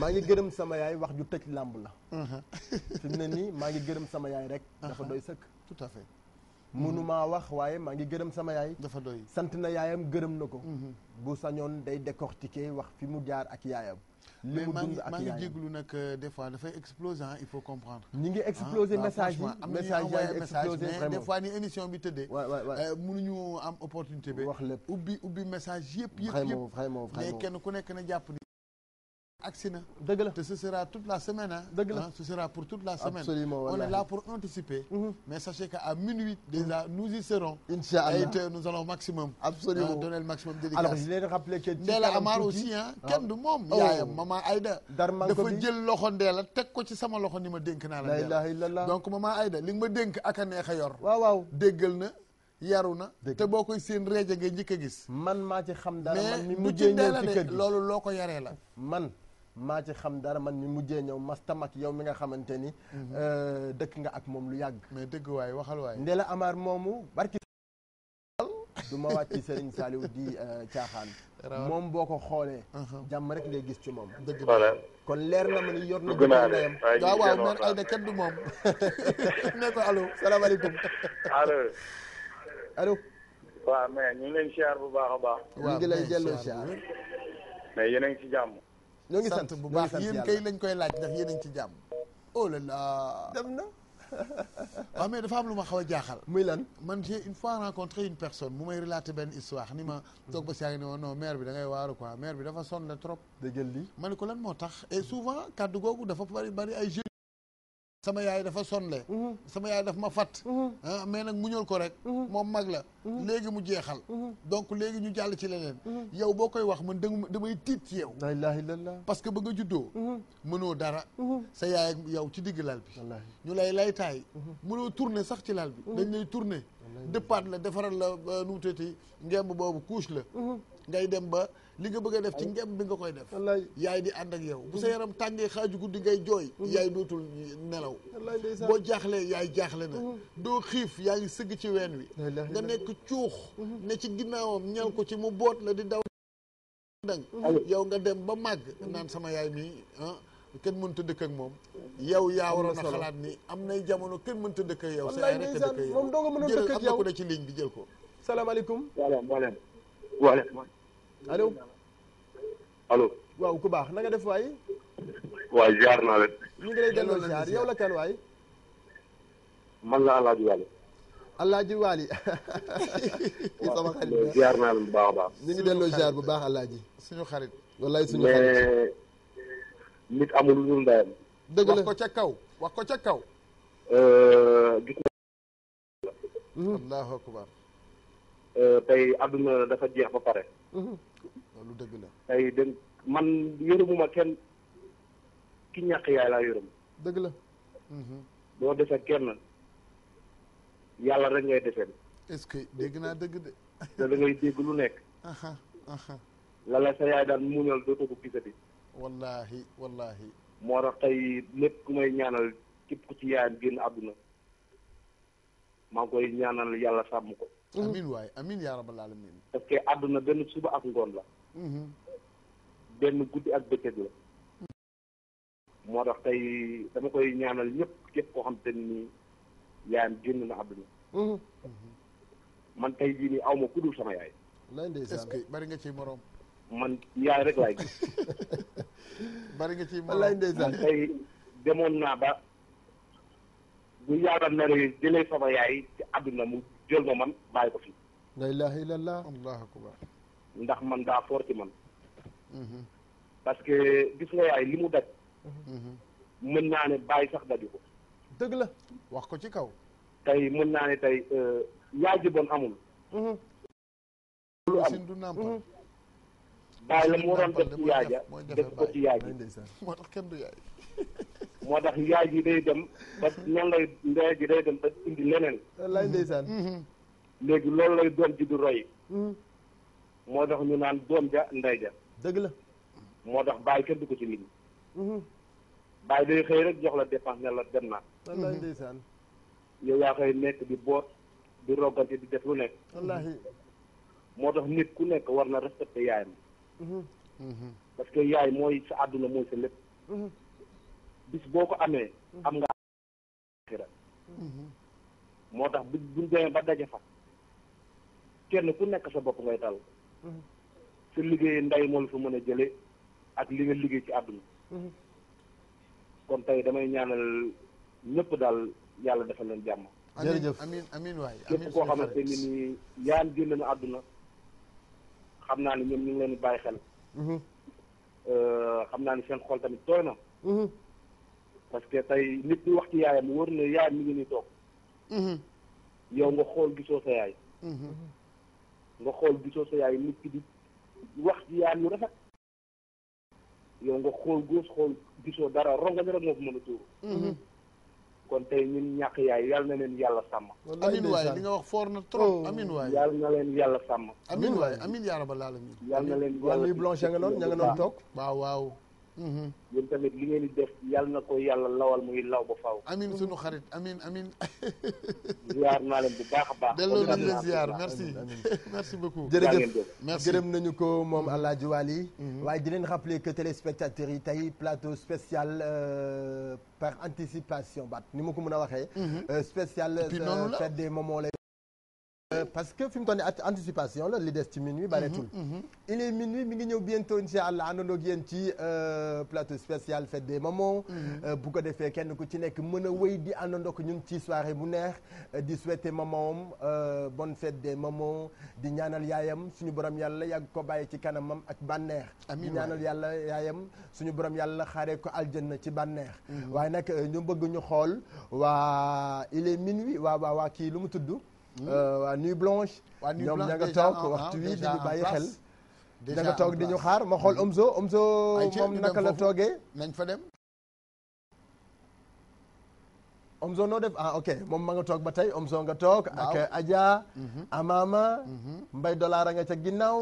maa ngi gërëm sama yaay wax ju tëj làmb la fi ne nii maa ngi gërëm sama yaay rek dafa doy sëkk tout à wax waaye maa ngi gërëm sama yaay dafa doy sant na yaayam gërëm na ko bu sañoon day décortiquer wax fi mu jaar ak yaayam li mu dund ak yaayam mais maa ngi jéglu euh, fois dafay exploser il faut comprendre. ñi ngi ah, exploser ah, message yi message yi exploser vraiment mais des ni émission bi tëddee. waay waay euh, am opportunité bi. wax lépp ubbi ubbi message yëpp yëpp yëpp. vraiment vraiment mais kenn ku nekk na jàpp ni. agsi na. dëgg la te la semaine ah. dëgg la la semaine. absolument on est là pour anticiper. Mhm. mais sachez que à minuit. déjà nous y serons. incha allah nous allons maximum. absolument leen rappeler que. Ndéla Amar aussi ah. du moom. Oh. yaayam maman Aida. dafa jël loxo Ndéla teg ko ci sama loxo ni ma dénk naa la. la ilaha donc maman Aida li ma dénk ak a neex a yor. waaw waaw déggal na. yaru na te boo koy seen reeje nga njëkk a gis. man maa ci xam dara man mi mujjee ñëw de loolu loo ko yaree la man. maa ci xam dara man mi mujjee ñëw mastam ak yow mi nga xamante ni. Mhm. Euh, dëkk nga ak moom lu yàgg. mais dëgg waay waxal waay. Ndella Amar moomu barki. du ma di euh, caaxaan. moom boo ko xoolee. Uh-huh. jàmm rek ngay gis ci moom. dëgg kon leer na ma ni yor na. dugg naa de waaw waaw man ay na kenn du moom. ne ko allo salaamaaleykum. allo. allo. mais ñu ngi leen siyaar bu baax a baax. waaw ñu ngi lay jëlloo siyaar. mais yéen a ngi ci jàmm. ñoo ngi sant bu baax yéen kay lañ koy laaj ndax yéen a ngi ci jàmm. oh là dem na. waaw mais dafa am lu ma xaw a jaaxal. muy lan man j'ai une fois rencontré une personne mu may relater benn histoire ni ma. toog ba saa ngi ne woon non maire bi dangay ngay waaru quoi maire bi dafa sonn la trop. dëggal li ma ne ko lan moo tax e souvent kàdd googu dafa bari bari ay jeunes. sama yaay dafa sonle mhm. sama yaay daf ma fat mhm. ah, mais nag mu muñal ko rek mhm. moom mag la léegi mu jeexal donc léegi ñu jàll ci leneen yow boo koy wax man dama damay tiit ci yow la ilaha illallah parce que ba nga juddoo mënoo dara sa yaay ak yow ci digg lal bi ñu lay laytaay mënoo tourner sax ci laal bi dañ lay tourner dëppaat la defaral la euh, nuutati ngemb boobu couche la ngay dem ba li nga bëgg a def ci ngem bi nga koy def yaay di ànd ak yow bu sa yaram tàngee xaaju guddi ngay jooy mm-hmm. yaay dootul nelaw boo jaaxlee yaay jaaxle na mm-hmm. doo xiif yaa ngi sëgg ci ween wi nga nekk cuux mm-hmm. ne ci ginnaawam ñaw ko ci mu boot la di daw dang nga dem ba màgg naan sama yaay mi ah, kenn mënta dëkk ak moom yow yaa waroon a xalaat ni am nay jamono kenn mënta dëkk ak yow sa yaay rek dëkk ak yow jël am na ci ligne bi jël ko salaamaaleykum waaleykum allo allo waaw ku baax naga def waay waay ziar naa leen ñu ngi lay delloo ziar yow la kan waay man la Alaaji Waali Alaaji Waali sama xarit ziar naa leen bu baax a baax ñu ngi delloo bu baax Alaaji suñu xarit wallaay suñu xarit nit amul lu ndayam dëgg la wax ko ca kaw wax ko ca kaw gis euh, na hmm. allahu akbar Euh, tey àdduna dafa jeex ba pare. Mm-hmm. lu dëgg la. tey dégg man yërëmuma kenn ki ñàkk yaay laa yërëm. dëgg la. Mm-hmm. doo dese kenn yàlla rek ngay defee. est dégg naa dëgg de. te da dégg lu nekk. la sa yaay daan muñal dootoo ko gisati. wallaahi wallaahi. moo tax tey lépp ku may ñaanal képp ku ci yaayam génn àdduna maa ngi koy ñaanal yàlla sàmm ko. Mm-hmm. amin waaye amin yaa rabbal alamin parce que àdduna benn suba ak ngoon la mm-hmm. benn guddi ak bëccëg la moo tax tey dama koy ñaanal ñëpp képp koo xam te ni yaayam génn na àdduna mm-hmm. man tey jii nii ku dul sama yaay lay ndeysaan est bari nga ciy moroom man yaay rek laay gis bari nga ciy moroom lay ndeysaan man demoon naa ba bu yàlla naree jëlee sama yaay ci àdduna mu jël ma man bàyyi ko fi. la ilaha illallah allahu akbar ndax man daa foor ci man. parce que gis nga waay li mu daj. mën naa ne bàyyi sax daju ko. dëgg la wax ko ci kaw. tey mën naa ne tey yaa jiboon amul. lu am du nàmpal. la mu waroon def ci yaay ja def ko ci yaay moo tax kenn du yaay. moo tax yaay ji day dem ba noonu lay ndey ji day dem ba indi leneen. wallaay ndeysaan. Mhm. léegi loolu lay doom ji du roy. Mhm. moo tax ñu naan doom ja ndey ja. dëgg la. moo tax bàyyi kenn du ko ci nit ñi. Mhm. bàyyi day xëy rek jox la dépense ne la dem na. wallaay ndeysaan. yow yaa koy nekk di boot di roggante di def lu nekk. wallaahi. moo tax nit ku nekk war na respecté yaayam. parce que yaay mooy sa àdduna mooy sa lépp. bis boo ko amee mm-hmm. am nga mm-hmm. moo tax bu buñ demee ba daje fa kenn ku nekk sa bopp ngay dal mm-hmm. sa liggéey nday mool fa mën a jële ak li liggéey ci àdduna kon tey damay ñaanal ñëpp daal yàlla defal leen jàmm jërëjëf amin amin waay képp koo xamante ni nii yaan génn na naa ni ñoom leen bàyyi xel euh, xam naa ni seen xool tamit tooy na parce que tey nit ñi wax ci yaayam wër na yaayam mi ngi ni toog mhm. yow nga xool gisoo sa yaay mhm. nga xool gisoo sa yaay nit ki di wax ci yaayam lu rafet yow nga xool góos xool gisoo dara rongañ rek moo fi mën a tuuru mhm. kon tey ñun ñàkk yaay yal na leen yàlla sàmm amin waay li wax foor na trop oh. amin waay yal na leen yàlla sàmm amin waay amin yaa rabbal alamin yal na leen yàlla blanche nga noonu noonu toog waaw waaw Mm-hmm. yéen tamit li ngeen di def yàlla na ko yàlla lawal muy law ba faaw. amin sunu xarit amin amin ziar naa leen bu baax a baax. delloo nañ la ziar merci merci beaucoup. jërëjëf gërëm nañu ko moom El Hadj Waly. Mm-hmm. waaye di leen rappeler que téléspectateurs yi tey plateau spécial euh, par anticipation baat ni ma ko mën a waxee. Mm-hmm. Euh, spécial euh, fête des moom Euh, parce que fi mu toll nii anticipation la li des ci minuit bareetul mhm, mhm. il est minuit mi ngi ñëw bientôt incha allah àndandoog yéen ci euh, plateau spécial fête des mamans mhm. euh, bu ko defee kenn ku ci nekk mën a wéy di àndandoog ñun ci soirée bu neex di souhaiter mamam bonne fête des mamans di ñaanal yaayam suñu borom yàlla yàgg ko bàyyi ci kanamam ak bànneex di ñaanal yàlla yaayam suñu borom yàlla xaaree ko na ci bànneex waaye nag ñu bëgg ñu xool waa il est kii lu mu tudd Euh, waa nuit blanche. waa nuit blanche ñoom ña nga toog waxtu wi di ñu bàyyi xel. ña nga toog di ñu xaar ma xool Omzo Omzo moom naka la toogee. nañ fa dem. Omzo noo def ah ok moom ma nga toog ba tey Omzo nga toog. ak eh, Adja. Amama. Mbay Dollar a mhm. nga ca ginnaaw.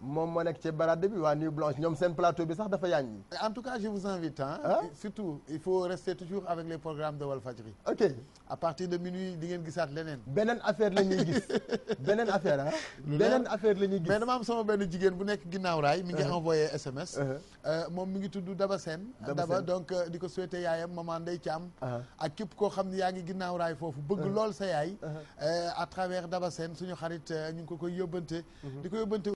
moom moo nekk ci barade bi waa Nuit Blanche ñoom seen plateau bi sax dafa yaaññi. Eh, en tout cas je vous invite hein, ah. surtout il faut rester toujours avec les programmes de Walfadjri. ok à partir de minuit di ngeen gisaat leneen. beneen affaire la ñuy gis beneen affaire ah. beneen affaire la ñuy gis mais dama am sama benn jigéen bu nekk ginnaaw raay. mi ngi uh-huh. envoyé SMS. Uh-huh. Euh, moom mi ngi tudd Daba Sène. Daba donc euh, di ko souhaiter yaayam maman Ndeye Thiam. Uh-huh. ak képp koo xam ni yaa ngi ginnaaw raay foofu bëgg uh-huh. lool sa yaay uh-huh. uh, à travers Daba Sène suñu xarit uh, ñu ngi ko koy yóbbante uh-huh. di ko yóbbante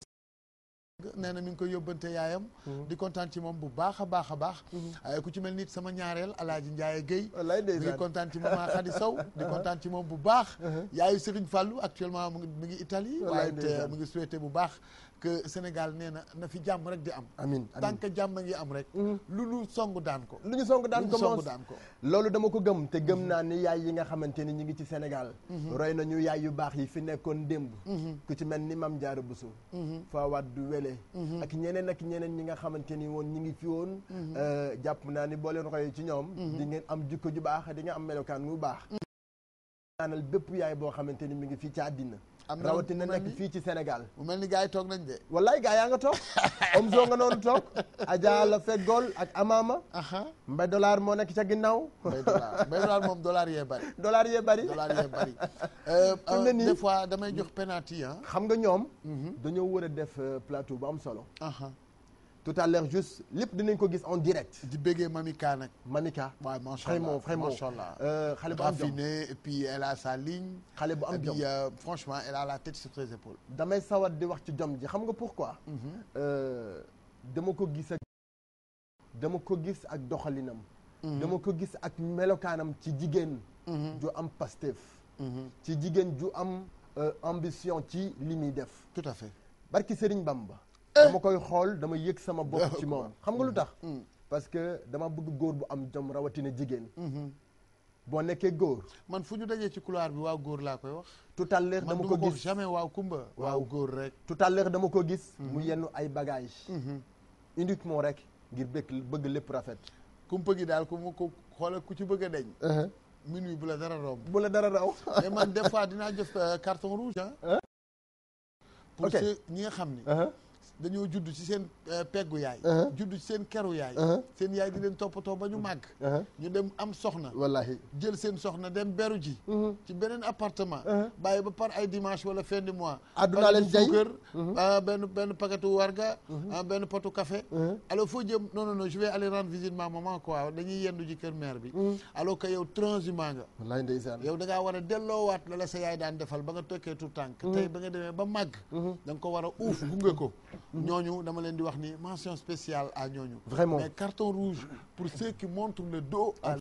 nee na mi ngi koy yóbbante yaayam di kontaan ci moom bu baax a baax a baax uh, ku ci mel nit sama ñaareel alaaji Ndiaye Guèye mi ngi kontaan ci moom Khady Sow di ci moom bu baax yaayu Serigne Fallou actuellement mu ngi mi ngi Italie waaye mu ngi souhaité bu baax que Sénégal nee na na fi jàmm rek di am. amiin amiin tant que jàmm ngi am rek. Mm-hmm. lu ñu song daan ko. lu ñu song daan ko moom loolu dama ko gëm te gëm mm-hmm. naa ni yaay yi nga xamante ni ñu ngi ci rey na ñu yaay yu baax yi fi nekkoon démb. Mm-hmm. ku ci mel ni Mame Diarra Bousso. Fawad du Wele. ak ñeneen ak ñeneen ñi nga xamante ni woon ñi ngi fi woon. Euh, jàpp naa ni boo leen ci ñoom. di ngeen am jikko ju baax di nga am melokaan wu baax. ñaanal bépp yaay boo xamante ni mi ngi fii ci àddina. am rawatina nekk fii ci Sénégal mu mel ni gars yi toog nañ de wallaay gars yaa nga toog Omzo nga noonu toog Adja la feggool ak Amama Mbay dollar moo nekk ca ginnaaw Mbay dollar moom dollar yee bari dollar yee bari dollar yee bari am na ni fois damay jox penalty xam nga ñoom mhm. dañoo war a def euh, plateau bu am solo tout à l'heure juste lépp dinañ ko gis en direct. di bëggee Mamika nag. Mamika waaw macha allah vraiment euh, vraiment. xale bu am jom raffiné et puis elle a sa ligne. xale bu am jom et puis euh, la tête sur ses épaules. damay sawar di wax ci jom ji xam nga pourquoi. Mhm. Euh, dama ko gis ak. ko gis ak doxalinam. Mhm. dama ko gis ak melokaanam ci jigéen. Mhm. ju am Pastef. ci jigéen ju am ambition ci li muy def. tout à fait barki Serigne Bamba. dama koy xool dama yëg sama bopp ci moom xam nga lu tax mm-hmm. parce que dama bëgg góor bu am jom rawatina jigéen mm-hmm. boo nekkee góor man fu ñu dajee ci couloir bi waaw góor laa koy wax tout à l'heure dama ko gis waaw kumba waaw góor rek tout à dama ko gis mm-hmm. mu yenn ay bagage moom rek ngir bëgg bëgg lépp rafet kumpa gi daal ku mu ko xoolal ku ci bëgg a deñ uh-huh. minuit bu la dara romb bu la dara raw mais man des dinaa jëf euh, carton rouge ah uh-huh. pour ceux ñi nga xam ni uh-huh. dañoo judd ci seen euh, peggu yaay uh-huh. judd ci seen keru yaay uh-huh. seen yaay di leen toppatoo ba ñu uh-huh. màgg ñu dem am soxna wallaahi jël seen soxna dem beru ji ci beneen appartement bàyyi ba par ay dimanche wala fin mois addunaa leen jay kër ah, benn benn paquetu warga ah, benn potu café alors foo jëm non non non je vais aller rendre visite ma maman dañuy yendu ji kër mère bi alors que yow transhumant nga wallaahi ndeysaan yow da ngaa war a delloowaat la la sa yaay daan defal ba nga tokkee tout tànk tey ba nga demee ba màgg danga ko war a uuf gunge ko Mhm. ñooñu dama leen di wax ni mention spéciale à ñooñu. vraiment mais carton rouge pour ceux qui montrent le dos à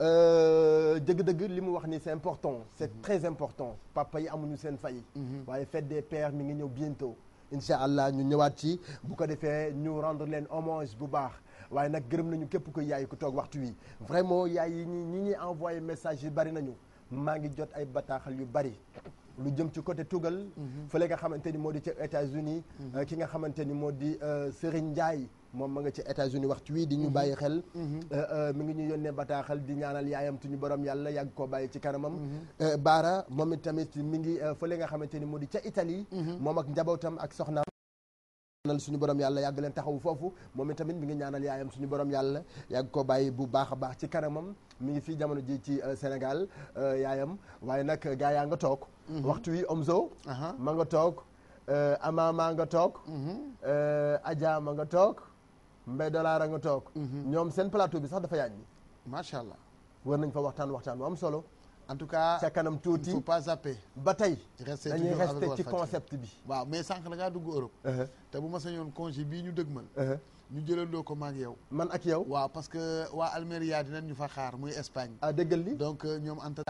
euh, dëgg-dëgg li mu wax ni c'est important c'est mhm. très important papa yi amuñu seen fay. Mhm. waaye fête des mi ngi ñëw bientôt. incha allah ñu ñëwaat ci bu ko defee ñu rendre leen hommage bu baax waaye nag gërëm nañu képp ko yaay ku toog waxtu wi vraiment yaay yi ñu ñi envoyé message yi bari nañu maa ngi jot ay bataaxal yu bari. lu jëm ci côté Tugal. Mhm. fële nga xamante ni moo di ca États-Unis mhm. euh, ki nga xamante ni moo di euh, Serigne Ndiaye moom ma nga ci États-Unis waxtu wii di ñu mhm. bàyyi xel. Euh, mi ngi ñu yónnee bataaxal di ñaanal yaayam tuñu borom yàlla yàgg koo bàyyi ci kanamam. Baara moom it tamit mi ngi fële nga xamante ni moo di ca itali moom ak njabootam ak soxnaam. ñaanal suñu borom yàlla yàgg leen taxawu foofu moom itamit mi ngi ñaanal yaayam suñu borom yàlla yàgg ko bàyyi bu baax a baax ci kanamam mu ngi fii jamono ji ci euh, Sénégal euh, yaayam waaye nag gaa yaa nga toog mhm. waxtu wi Omzo ma nga toog euh, Ama maa nga toog mhm. Adja ma nga toog Mbaye Dollar a nga toog mhm. ñoom seen plateau bi sax dafa yaañ bi macha allah war nañ fa waxtaan waxtaan bu am solo en tout cas ca kanam tuuti il faut pas zapper. ba tey dañuy resté ci concept bi. waaw mais sànq da ngaa dugg Europe. Uh-huh. te bu ma ñoon congé bii ñu dëgmal. Uh-huh. ñu jëlandoo ko ma ak yow. man ak yow. waaw parce que waa Almeria dinañ ñu fa xaar muy Espagne. ah dëggal li donc euh, ñoom entre.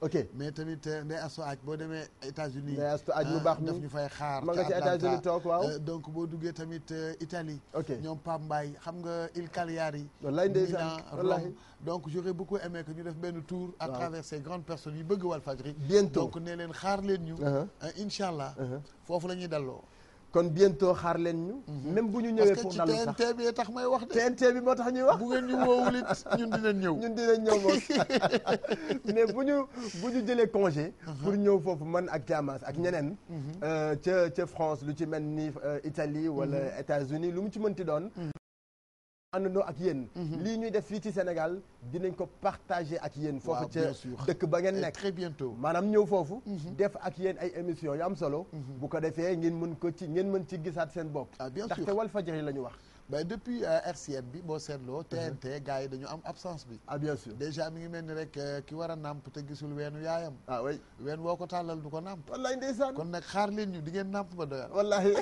ok mais tamit euh, Ndeye Astou Aaj boo demee États-Unis Ndeye Astou Aaj mu euh, baax daf ñu fay xaar ma nga ci états euh, donc boo duggee tamit itali ok ñoom Pape mbaay xam nga Île Cagliari yi wallaay ndeysaan wallaay donc j'aurais beaucoup aimé que ñu def benn tour a travers ces grandes personnes yu bëgg Walfadjri bientôt donc ne leen xaar leen ñu uh-huh. incha allah uh-huh. foofu la ñuy dalloo kon bientôt xaar leen ñu. Mhm. même bu ñu ñëwee pour dalu sax parce que tax may wax de. TNT bi moo tax ñuy wax bu ngeen ñu woowul it ñun dinañ ñëw. ñun dinañ ñëw moom mais bu ñu bu ñu jëlee congé. Mhm. pour ñëw foofu man ak Diamas ak ñeneen. Mhm. Euh, ca ca France lu ci mel ni euh, Italie wala États-Unis lu mu ci mën mënti doon. àndandoo ak yéen mhm. lii ñuy def fii ci Sénégal dinañ ko partager ak yéen foofu ca dëkk ba ngeen nekk très bientôt maanaam ñëw foofu mhm. def ak yéen ay émissions yu am solo mhm. bu ko defee ngeen mën ko ci ngeen mën ci gisaat seen bopp fa ah, Walfadjri la ñu wax mais depuis euh, RCM bi boo seetloo. TNT mhm. gars yi dañu am absence bi. ah bien sûr déjà mi ngi mel ni rek euh, ki war a nàmp te gisul weenu yaayam. ah oui ween woo ko tàllal du ko nàmp. wallaay ndeysaan kon nag xaar leen ñu di ngeen nàmp ba doyal. wallahi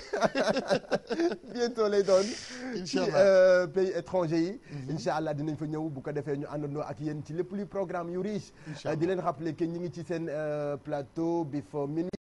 bientôt lay doon. incha allah ci euh, pays étranger yi. Mhm. incha allah dinañ fa ñëw bu ko defee ñu àndandoo ak yéen ci lépp luy programme yu riche. di leen rappeler que ñu ngi ci seen plateau Before Minute.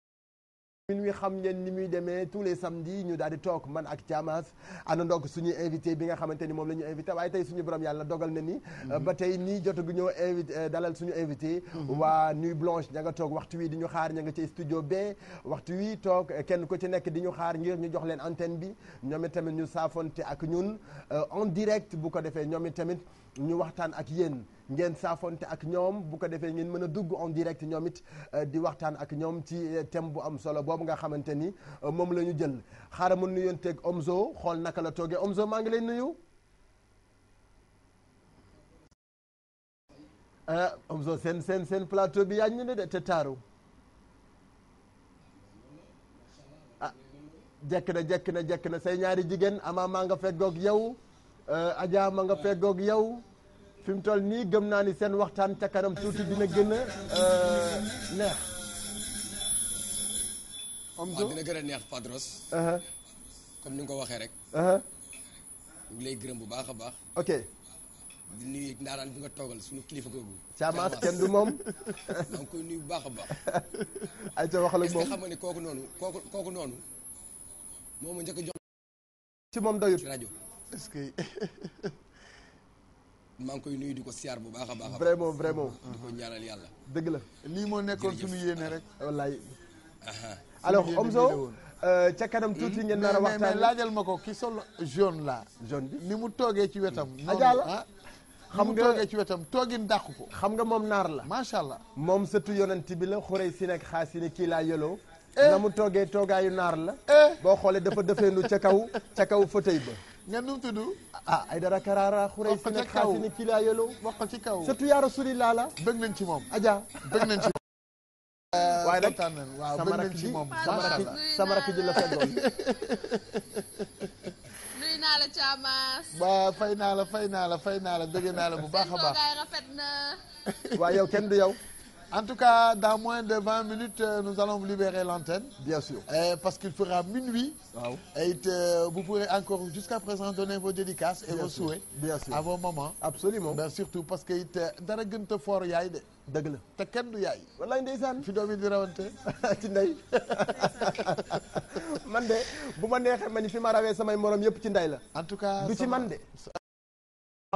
min wi xam ngeen ni muy demee tous les samedis ñu daal di toog man ak Thiamas àndandoog suñu invité bi nga xamante ni moom la ñu invité waaye tey suñu borom yàlla dogal na ni mhm. ba tey nii jotagu ñoo invité eh, dalal suñu invité mhm. waa Nuit Blanche ña nga toog waxtu wii di ñu xaar ña nga ci studio bee waxtu wii toog eh, kenn ku ci nekk di ñu xaar ngir ñu jox leen antenne bi ñoom it tamit ñu saafonte ak ñun eh, en direct bu ko defee ñoom it tamit ñu waxtaan ak yéen ngeen saafonte ak ñoom bu ko defee ngeen mën a dugg en direct ñoom it euh, di waxtaan ak ñoom ci euh, thème bu am solo boobu nga xamante ni euh, moom la ñu jël xaaral ma yoon teg Omzo xool naka la toogee Omzo maa ngi lay nuyu. ah seen seen seen plateau bi yaa ñu ne de te taaru ah, jekk na jekk na jekk na say ñaari jigéen ama maa nga fekk goog yow. Euh, Adja a nga feggoog yow fi mu toll nii gëm naa ni seen waxtaan ca kanam tuuti dina na a euh, neex. Omzo dina gën a neex Padros. comme ni ko waxee rek. ñu gërëm bu baax a baax. ok. di nuyu ndaaraan bi nga toogal suñu kilifa googu. Caamaas kenn du moom. maa ngi bu baax a baax. ayca waxal ak moom est-ce que kooku noonu kooku noonu moo ma njëkk a jox. ci moom doyut ci rajo. est-ce que. man koy nuyu di ko siyaar bu baax a baax. vraiment vraiment. di ko yàlla. dëgg la lii moo nekkoon suñu yéene rek. wallaay. alors Omzo euh, ca kanam hmm? tuuti ngeen nar a waxtaan laajal ma ko ki solo jaune la jaune bi ni mu toogee ci wetam. Hmm. ajaala ah. xam nga ci wetam toogin dàqu ko. xam nga moom naar la. macha allah moom sëtu yonent bi la xurey si nekk xaas yi ni kii laa yoloo eh. na mu toogee toogaayu naar la. Eh. boo xoolee dafa defee nu ca kaw ca kaw fauteuil ba. ngeen nu mu tudd. ah ay dara karaara xurey si nag xaasi ni kii laa yeloo wax ko ci kaw surtout yaa rasulillah la bëgg nañ ci moom Adja bëgg nañ ci waaye nag sama rakk ji sama rakk ji la feggoon nuy naa la caamaas waa fay naa la fay naa la fay naa la bëgg naa la bu baax a baax rafet na waa yow kenn du yow En tout cas, dans moins de 20 minutes, euh, nous allons vous l'antenne. Euh, parce qu'il fera minuit. Wow. Et euh, vous pourrez encore jusqu'à présent donner vos dédicaces et Bien vos sûr. souhaits Bien surtout parce que euh, dara gën a fort yaay de. dëgg te kenn du yaay. wallaay ndeysaan fi doom yi di rawante ci ndey man de bu ma neexee ma ni fi ma rawee samay morom yëpp ci ndey la. en tout cas du ci man de.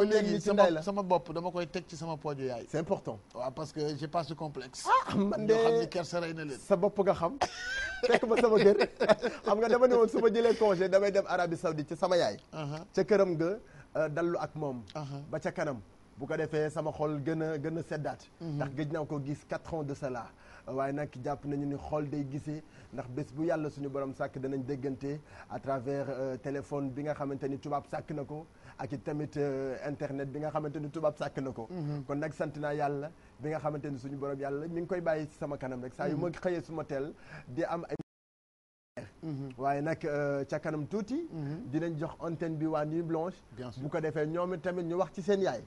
ba léegi sama sama bopp dama koy teg ci sama pooju yaay. c'est important. waaw parce que j'ai pas ce complexe. ah man de ñoo xam ni kersa rey na leen. sa bopp nga xam fekk ma sama kër xam nga dama ne woon su ma jëlee congé damay dem Arabie Saoudite ci sama yaay. Uh-huh. ca këram nga uh, dallu ak moom. Uh-huh. ba ca kanam. bu ko defee sama xol gën a gën seddaat. Uh-huh. ndax gëj naa ko gis quatre ans de cela. waaye nag jàpp nañu ni xool day gisee ndax bés bu yàlla suñu borom sàkk danañ déggante à travers euh, téléphone bi nga xamante ni tubaab sàkk na ko. ak i tamit euh, internet bi nga xamante ni tubaab sàkk na ko mhm. kon nag sant naa yàlla bi nga xamante ni suñu borom yàlla mi ngi koy bàyyi ci sama kanam rek saa yu ma mhm. xëyee suma teel di am ay mhm. waaye nag euh, ca kanam tuuti. dinañ jox antenne bi waa Nuit Blanche. bu ko defee ñoom tamit ñu wax ci seen yaay.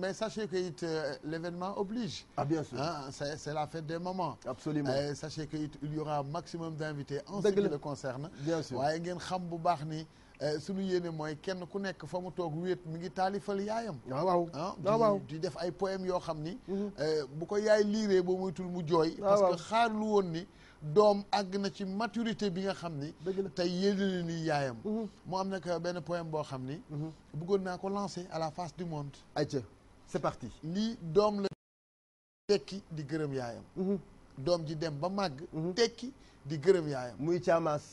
mais sachez que it euh, l'événement oblige. ah bien sûr ah c'est la fête des mamans. absolument et sachez que it il y aura maximum d'invités. en ce qui le concerne. bien sûr waaye ngeen xam bu baax ni. Eh, suñu yéene mooy kenn ku nekk fa mu toog wéet mu ngi taalifal yaayam ah, ah, ah, di def ay poème yoo xam ni mhm. eh, bu ko yaay liiree boo muytul mu jooy parce que xaar lu woon ni doom àgg na ci maturité bi nga xam ni tey yéene ni yaayam moo mhm. am nag benn poème boo xam ni mhm. bëggoon naa ko lancé à la face du monde ayca c'est parti lii doom la tekki di gërëm yaayam doom ji dem ba màgg tekki di gërëm yaayam muy caamaas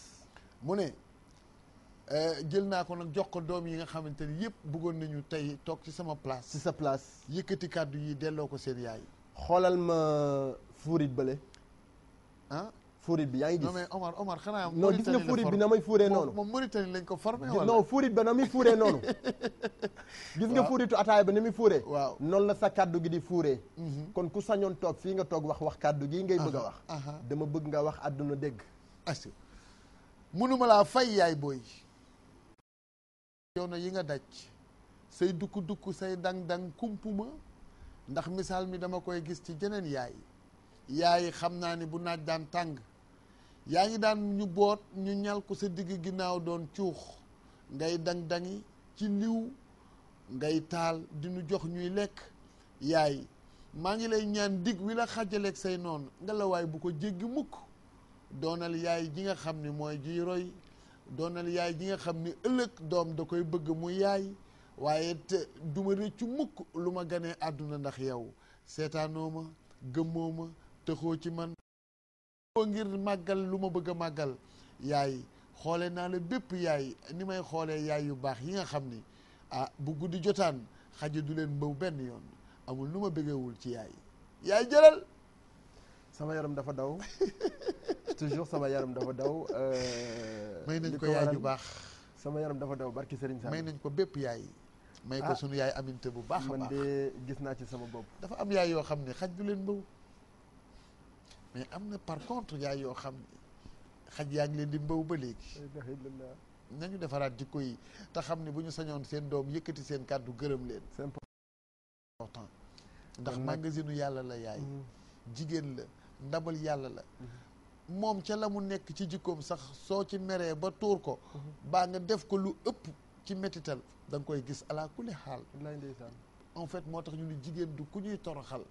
mu ne Euh, jël naa ko nag jox ko doom yi nga xamante ni yëpp bëggoon nañu tey toog ci sama place. ci sa place. yëkkati kàddu yi delloo ko seen yaay. xoolal ma fuurit bële. ah fuurit bi yaa ngi gis. non mais Omar Omar xanaa. non gis nga fuurit bi na may fuuree noonu. moom Mauritanie lañ ko formé wala. non fuurit ba na muy fuuree noonu. gis nga fuuritu ataaya ba ni muy fuuree. waaw noonu la sa kàddu gi di fuure mhm. kon ku sañoon toog fii nga toog wax wax kàddu gii ngay bëgg a wax. dama bëgg nga wax àdduna dégg. as mënuma laa fay yaay booy. coono yi nga daj say dukk-dukk say dang-dang kumpuma ndax misaal mi dama koy gis ci jeneen yaay yaay xam naa ni bu naaj daan tàng yaa ngi daan ñu boot ñu ñal ko sa digg ginnaaw doon cuux ngay dang-dangi ci liw ngay taal di ñu jox ñuy lekk yaay maa ngi lay ñaan dig wi la xajaleeg say noon ngelawaay bu ko jéggi mukk doonal yaay ji nga xam ni mooy jiy roy doonal yaay ji nga xam ni ëllëg doom da koy bëgg mu yaay waaye te du ma rëccu mukk lu ma ganee àdduna ndax yow seetaanoo ma gëmoo ma tëxoo ci man boo ngir màggal lu ma bëgg màggal yaay xoole naa la bépp yaay ni may xoolee yaay yu baax yi nga xam ni ah bu guddi jotaan xaja du leen mbaw benn yoon amul nu ma bëggewul ci yaay yaay jëlal sama yaram dafa daw toujours sama yaram dafa daw. Euh, may nañ ko yaay ju baax sama yaram dafa daw barki Serigne Sall. may nañ ko bépp yaay. may ko ah. sunu yaay aminte bu baax a baax man de gis naa ci sama bopp. dafa am yaay yoo xam ne xaj du leen mbaw mais am na par contre yaay yoo xam ne xaj yaa ngi leen di mbaw ba léegi. nañu defaraat jikko yi te xam ne bu ñu sañoon seen doom yëkkati seen kàddu gërëm leen. seen c'est important. ndax magasinu yàlla la yaay. Mm-hmm. jigéen la. ndabal yàlla la moom ca la mu nekk ci jikkoom sax soo ci meree ba tuur ko baa nga def ko lu ëpp ci métital danga koy gis ala kulli xaal en fait moo tax ñu ni jigéen du ku ñuy toroxal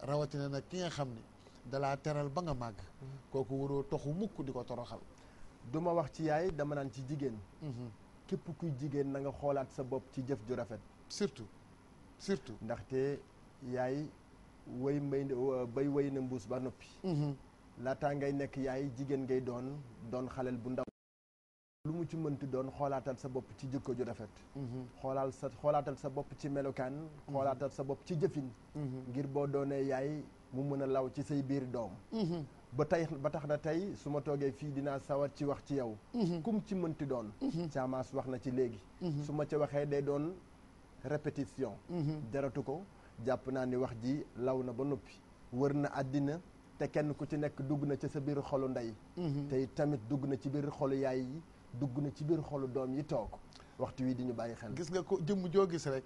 rawatina nag ki nga xam ni dalaa teral ba nga màgg kooku waroo toxu mukk di ko toroxal duma wax ci yaay dama naan ci jigéen mhm. képp kuy jigéen na nga xoolaat sa bopp ci jëf ju rafet surtout surtout ndaxte yaay way mbay bay way na mbuus ba noppi mhm. laataa ngay nekk yaay jigéen ngay doon doon xaleel bu ndaw lu mu ci mënti doon xoolaatal sa bopp ci jikko ju rafet mhm. xoolaal xoolaatal sa bopp ci melokaan mhm. xoolaatal sa bopp ci jëfin ngir boo doonee yaay mu mën a law ci say biir doom ba tey ba tax na tey su ma toogee fii dinaa sawar ci wax ci yow kum ci mënti doon caamaas wax na ci léegi su ma ci waxee day doon répétition jaratu ko jàpp naa ni wax ji law na ba noppi wër na àddina te kenn ku ci nekk dugg na ci sa biir xolu ndey mhm. te tamit dugg na ci biir xolu yaay yi dugg na ci biir xolu doom yi toog waxtu wi di ñu bàyyi xel gis nga ko jëmm joo gis rek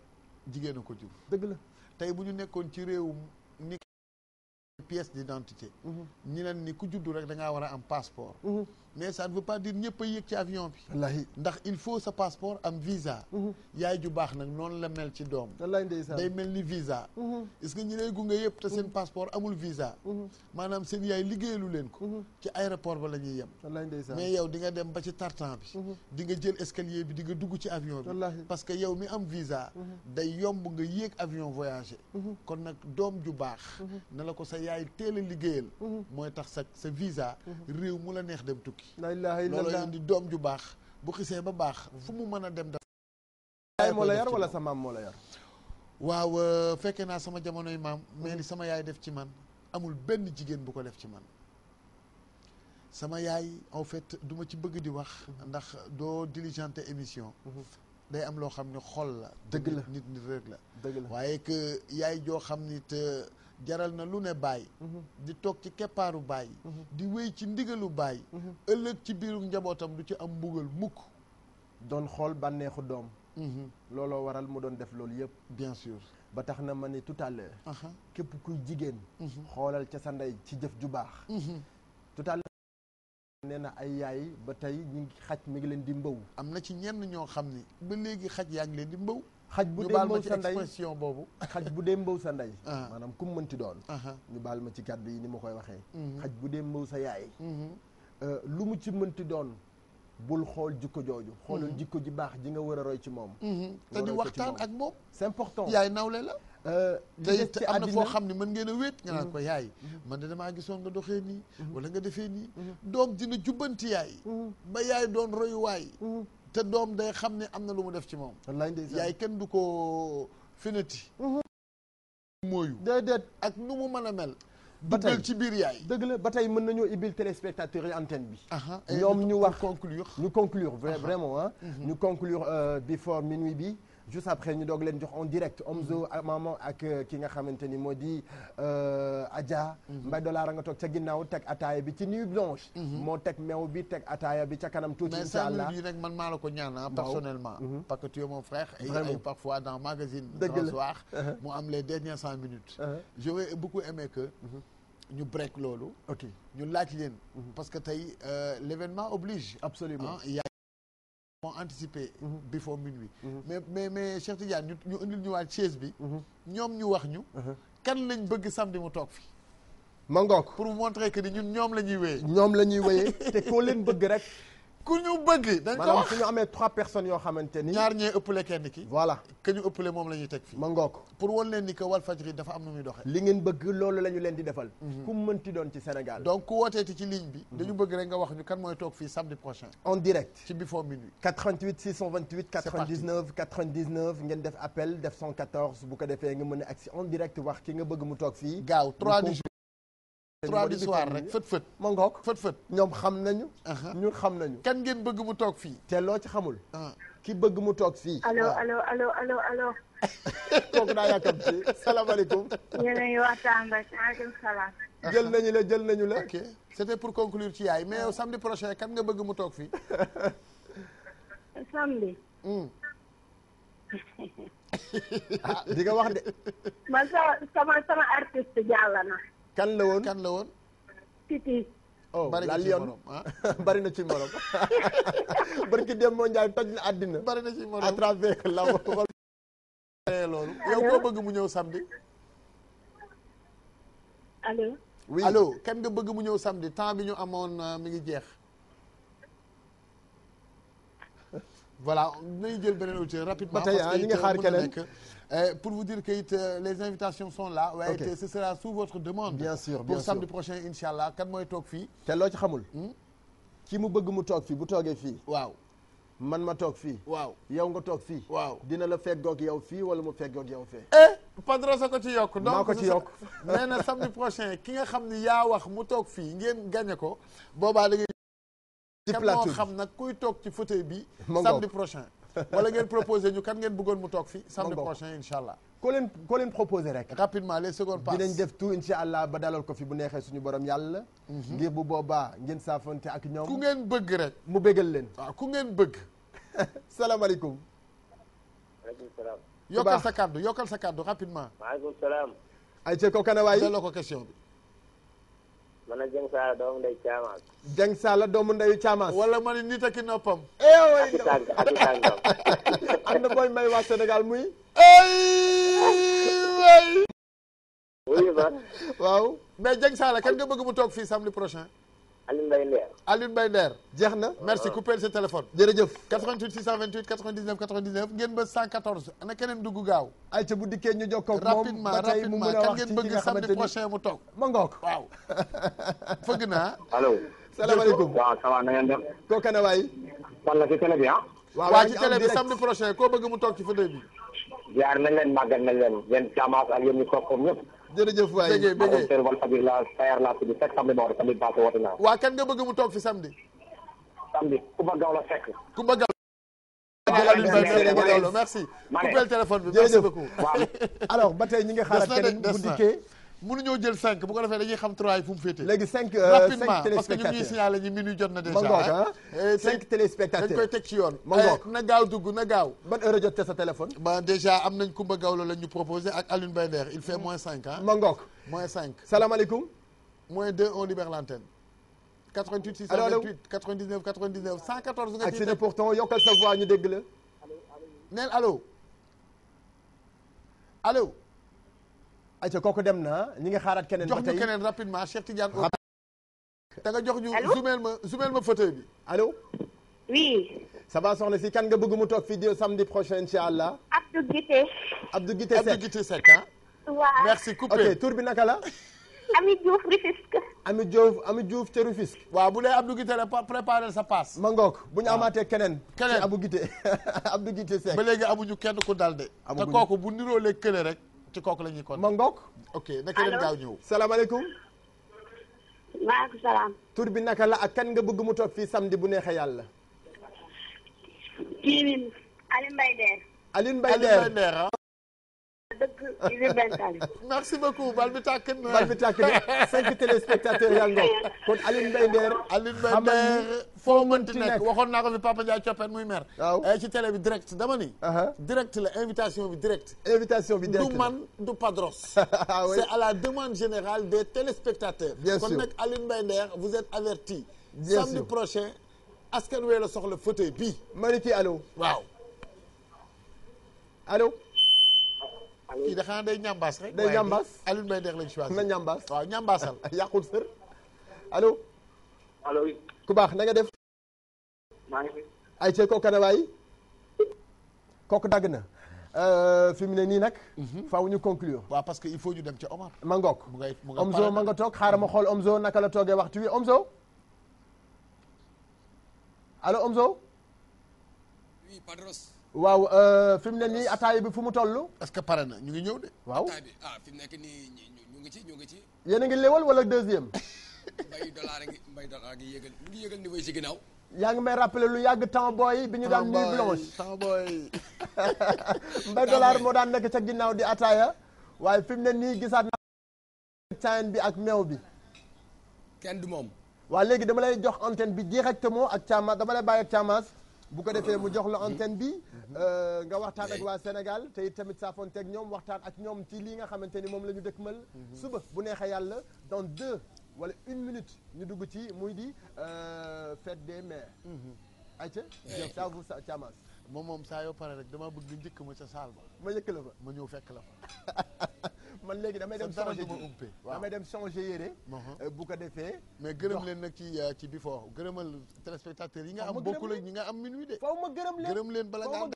jigéen a ko jur dëgg la tey bu ñu nekkoon ci réewum ni mhm. pièce ci mhm. ñi leen ni ku juddu rek da war a am passeport mais sa ne veut pas dire ñëpp a yëg ci avion bi. wallaahi ndax il faut sa passeport am visa. Mhm. yaay ju baax nag noonu la mel ci doom. wallaahi ndeysaan day mel ni visa. Mhm. est-ce que ñi lay gunge yëpp te seen mhm. passeport amul visa. maanaam seen yaay liggéeyalu leen ko. ci aéroport ba la ñuy yem. wallaahi ndeysaan mais yow di nga dem ba ci tartan bi. di nga jël escalier bi di dugg ci avion bi. parce que yow mi am visa. day yomb nga yéeg avion voyager. kon nag doom ju baax. na la ko sa yaay teel a liggéeyal. mooy tax sa sa visa. réew mu la neex dem tukki. la ilaha illallah doom ju baax bu xisee ba baax fu mu mën a dem dafa yaay moo la yar wala sa maam moo la yar waaw euh, fekkee naa sama jamonoy maam mais ni sama yaay def ci man amul benn jigéen bu ko def ci man sama yaay en fait duma ci bëgg di wax mhm. ndax doo diligente émission mhm. day am loo xam ne xol la dëgg la nit nit rek la dëgg waaye que yaay joo xam ni jaral na lu ne bàyyi mhm. di toog ci keppaaru bàyyi mhm. di wéy ci ndigalu bàyyi mhm. ëllëg ci biirum njabootam lu ci am mbugal mukk doon xool bànneexu doom looloo waral mu doon def loolu yëpp bien sûr ba tax na ma ne tout képp kuy jigéen xoolal ca sa ndey ci jëf ju baax tout à na ay yaay ba tey ñu ngi xaj mi ngi leen di mbëw am na ci ñenn ñoo xam ni ba léegi xaj yaa ngi leen di mbëw xaj bu dee mbaw sa ndey expression boobu xaj bu dee mbaw sa ndey ah. maanaam kum mënti doon ah. ñu baal ma ci kàddu yi ni ma koy waxee mhm. xaj bu dee mbaw sa yaay mhm. euh, lu mu ci mënti doon bul xool jikko jooju xoolal mhm. jikko ji baax ji nga war a roy ci moom te di waxtaan ak moom c'est important yaay nawle la euh, te it am na foo xam ne mën ngeen a wéet nga naan ko yaay man de damaa gisoon nga doxee nii wala nga defee nii doom dina jubbanti yaay ba yaay doon royuwaay te doom day xam ne am na lu mu def ci moom yaay kenn du ko finati mm-hmm. mooyu déedéet ak nu mu mën a mel ba tey ci biir yaay dëgg la ba tey mën nañoo ibil téléspectateurs yi antenne bi ñoom ñu wax conclure ñu conclure vraiment ah ñu conclure euh, before minuit bi juste après ñu doog leen jox en direct Omzo Amama mm-hmm. ak euh, ki nga xamante ni moo di euh, Adja. Mm-hmm. Mbay Dollar nga toog ca ginnaaw teg ataaya bi ci nuit blanche. Mm-hmm. moo teg meew bi teg ataaya bi ca kanam tuuti. incha allah mais man maa la ko ñaan ah, personnellement. parce que tu es mon frère. vraiment et parfois dans magazine. dëgg la uh-huh. mu am les dernières cent minutes. Uh-huh. j'aurais beaucoup aimé que. ñu break loolu. ok ñu laaj leen. parce que tey euh, l'événement oblige. absolument ah, on anticipé mhm. before minuit mhm. mais mais mais Cheikh Tidiane ñu ñu indil ñu waat chaise bi mhm. ñoom ñu wax ñu kan lañ bëgg samedi mu toog fi ma ngoog pour montrer que ni ñun ñoom la ñuy wéyee ñoom la ñuy wéyee te koo leen bëgg rek ku ñu bëgg. dañ ko wax su ñu amee trois personnes yoo xamante ni. ñaar ñee ëppale kenn ki. voilà que ñu ëppale moom la ñuy teg fii. ma ngoog pour wan leen ni que Walfadjri dafa am nu muy doxee. li ngeen bëgg loolu la ñu leen di defal. Mhm. ku mu mënti doon ci Sénégal. donc ku wooteeti ci ligne bi. Mhm. dañu bëgg rek nga wax ñu kan mooy toog fii samedi prochain. en direct ci before minuit. 88 628 99 99 ngeen def appel def 114 bu ko defee nga mën a agsi en wax ki nga bëgg mu toog fii. gaaw 3 jours. trois du soir rek fët fët ma ngoog fët fët ñoom xam nañu uh-huh. ñun xam nañu kan ngeen bëgg mu toog fii te loo ci xamul uh. ki bëgg mu toog fii allo uh. allo allo allo allo kooku jël nañu la jël nañu la ok c'était pour conclure ci yaay mais yow uh. samedi prochain kan nga bëgg mu toog fii samedi hmm. ah nga wax de man sama sama sama jàll na kan la woon kan la woon. Oh, ah. bari na ci morom bari ci dem moo njaay toj na àddina. bari na ci morom à travers eh, loolu yow koo bëgg mu ñëw samedi. allo. oui allo bëgg mu ñëw samedi temps bi ñu amoon euh, mi ngi jeex. voilà nañu jël beneen outil rapidement. ba tey ah, ñi nga xaar keneen Euh, pour vous dire que it, euh, les invitations sont là. waaye okay. ce sera sous votre demande. bien sûr bien pour prochain incha allah kan mooy toog fii. te loo ci xamul. Hmm? ki mu bëgg mu toog fi bu toogee fii. waaw. man ma toog fii. waaw yow nga toog fii. waaw dina la feggoog yow fii wala mu feggoog yow fee. eh Padros sa ko ci yokk. maa ko ci yokk donc na samedi prochain ki nga xam ni yaa wax mu toog fii ngeen gagné ko boobaa da xam nag kuy toog ci fauteuil bi. samedi prochain. wala ngeen proposé ñu kan ngeen bëggoon mu toog fi samedi prochain allah ko leen ko leen proposé rek rapidement les secondes passes dinañ def tout incha allah ba dalal ko fi bu neexee suñu borom yàlla mhm. ngir bu boobaa ngeen saafante ak ñoom ku ngeen bëgg rek mu bëggal leen waaw ah, ku ngeen bëgg salaamaaleykum maaleykum salaam yokkal sa kaddu yokkal sa kaddu rapidement maaleykum salaam ay ca ko ko question bi ma ne Dieng Saala doomu ndeyu Caamaas. Dieng Saala doomu ndeyu Caamaas. wala ma ne nit eh, oh, ak i noppam. ak i tànk ak i tànkam. am na booy may waa Sénégal muy. ay. wuyu ba. waaw mais Dieng Saala kan nga bëgg mu toog fii samedi prochain. Alioune Mbaye Nder. Alioune Mbaye na. merci coupé sa téléphone. jërëjëf 88 628 99 99 ngeen ba 114 ana keneen dugg gaaw. ayca bu dikkee ñu jokkoo ak moom ba tey mu mën a wax ci li nga xamante rapidement rapidement kan ngeen bëgg samedi prochain mu toog. ma waaw. fëgg naa. Ah. allo. salaamaaleykum ah? prochain koo bëgg mu toog ci fa bi. jaar nañ leen màggal nañ leen yéen ñu toog comme jërëjëf waay bëggee bëggee Seydou Walfadjri la Sayar laa tudd fekk samedi ma woote samedi passé woote naa. waa kan nga bëgg mu toog fi samedi. samedi Kumba Gaw la fekk. Kumba Gaw. merci. ma ne téléphone bi merci beaucoup. alors ba tey ñi nga xaar keneen bu dikkee mun mënuñoo jël cinq bu ko defee dañuy xam trois yi fu mu féete. léegi cinq euh, rapidement parce que ñu ngi signalé ñu minuit jot na déjà. ma ngoog ah teg ci yoon. ma ngoog eh, na gaaw dugg na gaaw. ban heure a jot te sa téléphone. ba déjà am nañ Kumba Gawlo la ñu proposé ak Alioune Mbaye Nder il fait moins cinq ah. ma ngoog moins cinq. salaamaaleykum. moins deux on libère l'antenne. 88 628 99 99 114. nga ah, ciy teg pourtant yokkal sa voix ñu dégg la. neel allo allo. ayca kooku dem na ñi ngi xaaraat keneen. ba tey jox ñu da nga jox ñu. ma zoomel bi allo. soxna si kan nga bëgg mu fii di samedi prochain incha allah. ok tur bi naka la. Ami Diouf Rufisque. Ami Diouf waaw bu dee Abdou la préparer sa passe. ma ngoog bu ñu amaatee keneen. keneen ci Abdou Guité Abdou Guité Seck. ba léegi amuñu kenn ku dal de. te kooku bu niroo léeg kële rek. ci kooku la ñuy kon ma ngoog ok salaam tur bi naka la ak kan nga bëgg mu toog fii samedi bu neexee yàlla kii Alioune Mbaye Nder Alioune Mbaye Nder dëgg il est mentaliste. merci beaucoup bal bi tàkk na bal bi tàkk na cinq téléspectateurs yaa ngi kon Alioune Mbaye Nder. Alioune Mbaye Nder foo mënti nekk waxoon naa ko fi Papa Ndiaye coppet muy maire. waaw eh, ci télé bi direct dama ni. direct la invitation bi direct. invitation bi direct du man du Padros. ah oui c'est à la demande générale des téléspectateurs. bien sûr kon nag Alioune Mbaye Nder vous êtes averti. bien sûr samedi prochain askan wee la soxla fauteuil bii. Mariki allo. waaw allo. kii day ñambaas day ñambaas Alioune Mbaye Nder lañ choisir. na ñambaas waaw ñambaasal. yàqul ku baax na def. maa ngi fi. ay dagg na. Euh, fi ne nii nag. Mhm. faaw ñu conclure. waaw parce que il faut ñu dem ca Omar. ma ngoog Omzo nga toog xaaral ma xool Omzo naka la toogee waxtu wi Omzo. allo Omzo. waaw euh, fi mu ne nii ataay bi fu mu tollu est-ce que pare na ñu ngi ñëw de. waaw ataay bi ki ah, nekk nii ñu ngi ci ñu ngi ci. yéen a ngi léwal wala deuxième. mbay dollar a ngi mbay dollar a yi ci ginnaaw. yaa ngi may rappelé lu yàgg temps booy bi ñu daan nuit blanche temps booy mbay dollar moo daan nekk ca ginnaaw di ataaya waaye fi mu ne nii gisaat bi ak meew bi kenn du moom waaw léegi dama lay jox antenne bi directement ak caama dama lay bàyyi ak caamaas bu ko defee mu jox la antenne bi mhm. euh, nga waxtaan ak waa Sénégal tey tamit saafonte ak ñoom waxtaan ak ñoom ci lii nga xamante ni moom la ñu dëkkmal mhm. suba bu neexee yàlla dans deux wala une minute ñu dugg ci muy di euh, fête des mères mhm. ayca ça vous ça moom moom saa yoo pare rek damaa bëgg nga njëkk ma sa saal ba. ma njëkk la fa ma ñëw fekk la fa. man léegi damay dem changer damay dem changer yére. Uh-huh. Euh, bu ko defee. mais gërëm leen nag ci euh, ci before gërëmal téléspectateurs yi nga am bokku la ñi nga am minuit de. faaw ma gërëm leen gërëm leen bala ngaa.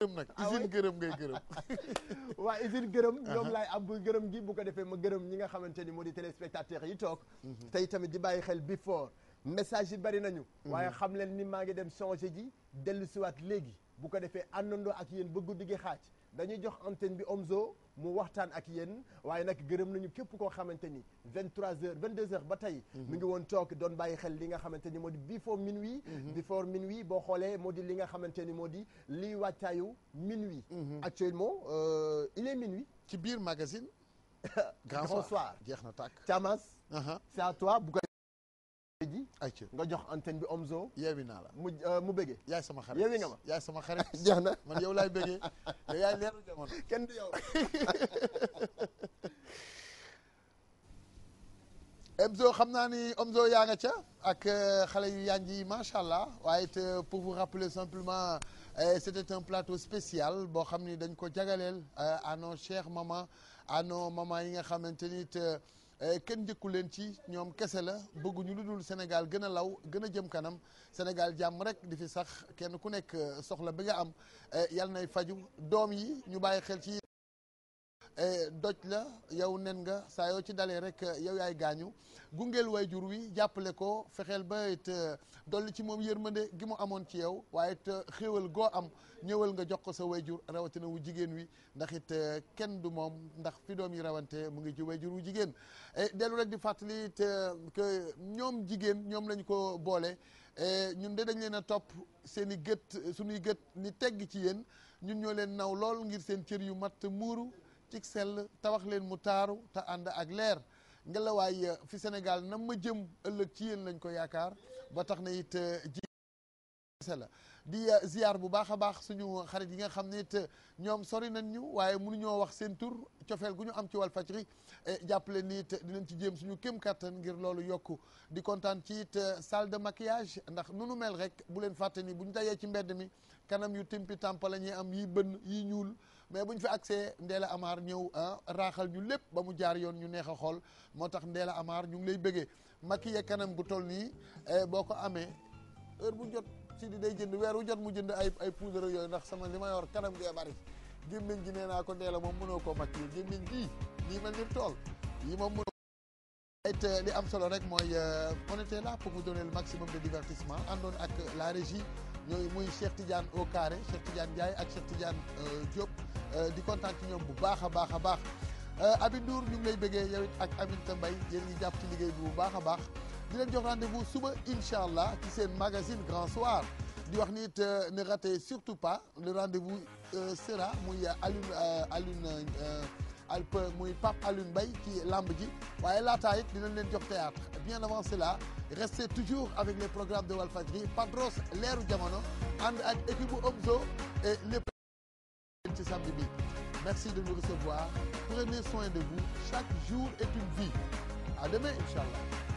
gërëm nag ah usine gërëm ngay gërëm. waa usine gërëm. Uh-huh. ñoom laay am gërëm gi bu ko defee ma gërëm ñi nga xamante ni moo di téléspectateurs yi toog. Mm-hmm. tey tamit di bàyyi xel before message yi bari nañu mhm. waaye xam leen ni maa ngi dem changé ji dellu siwaat léegi bu ko defee àndandoo ak yéen ba guddi gi xaaj dañuy jox antenne bi Omzo mu waxtaan ak yéen waaye nag gërëm nañu képp koo xamante ni 23h deux h ba tey. Mhm. mi ngi woon toog doon bàyyi xel li nga xamante ni moo di before minuit. Mhm. before minuit boo xoolee moo di li nga xamante ni moo di lii wàccaayu minuit. actuellement euh, il est minuit. ci biir magazine. grand soir jeex na tàkk Thiamas. ji ayca nga jox antenne bi omso yeewi naa la mu euh, mu bëgge yaay sama xarit yeewi nga ma yaay sama xarit jeex na man yow laay bëggee yow jamono kenn du yow Omzo xam naa ni omso yaa nga ca ak euh, xale yu yànji yi macha allah waaye te euh, pour vous rappeler simplement c'était un plateau spécial boo xam ni dañ ko jagaleel à nos chères mamans à yi nga xamante ni Eh, kenn njëkku leen ci ñoom kese la bëgguñu lu dul Sénégal gën a law gën a jëm kanam Sénégal jàmm rek di fi sax kenn ku nekk eh, soxla bi a am eh, yàlla nay faju doom yi ñu bàyyi xel ci Eh, doj la yow nen nga saa yoo ci dalee rek eh, yow yaay gaañu gungeel jur wi jàppale ko fexeel ba it eh, dolli ci moom ma yërmande gi mu amoon ci yow waaye it xéewal goo am ñëwal nga jox ko sa way jur wu jigéen wi ndax it kenn du moom ndax fi doom yi rawante mu ngi ci wayjur wu jigéen dellu rek di fàttali it que ñoom jigéen ñoom lañu ko boole ñun de dañ leen a topp seen i gët suñuy gët ni tegg ci yéen ñun ñoo leen naw lool ngir seen cër yu mat muuru cig sell tabax leen mu taaru te ànd ak leer ngelawaay eh, fi Sénégal nam ma jëm ëllëg ci yéen lañ ko yaakaar ba tax na it eh, ji la di eh, ziar bu baax a baax suñu xarit yi nga xam ne ñoom sori nañ ñu waaye ñoo wax seen tur cofeel gu ñu am ci Walfadjri jàpp leen it dinañ ci jéem suñu kéem kattan ngir loolu yokk di kontaan ci it salle de maquillage ndax nu nu mel rek bu leen fàtte ni bu ñu dajee ci mbedd mi kanam yu timpi tàmpa la ñuy am yi bënn yi ñuul mais bu ñu fi accès Ndella Amar ñëw ah, raxal ñu lépp ba mu jaar yoon ñu neex a xool moo tax Ndella Amar ñu ngi lay bëggee maquillé kanam bu toll nii eh, boo ko amee heure bu jot si di day jënd weer wu jot mu jënd ay ay poudre yooyu ndax sama li ma yor kanam gee bari gémmiñ gi nee naa ko Ndella moom mënoo koo maquillé gémmiñ gii nii mel ni tool yi moom mënoo it eh, li am solo rek mooy euh, on était là pour vous donner le maximum de divertissement àndoon ak la régie ñooyu muy Cheikh Tidiane au carré Cheikh Tidiane ak Cheikh Tidiane euh, Diop euh, di kontaan ci ñoom bu baax a baax a baax euh, Abi Ndour ñu lay bëggee yow it ak Aminata Mbaye yéen ngi jàpp ci liggéey bi bu baax a baax di leen jox rendez-vous suba incha allah ci seen magazine Grand Soir di wax ni it ne surtout pas le rendez-vous sera muy Alioune Alioune. ak muy Pape Alioune Mbaye ci lamb ji waaye laataa dinañ leen jox théâtre bien avant cela restez toujours avec les programmes de Walfadjri Padros leeru jamono ànd ak équipe bu Omzo et lépp ci samedi bi merci de nous recevoir prenez soin de vous chaque jour est une vie à demain inchallah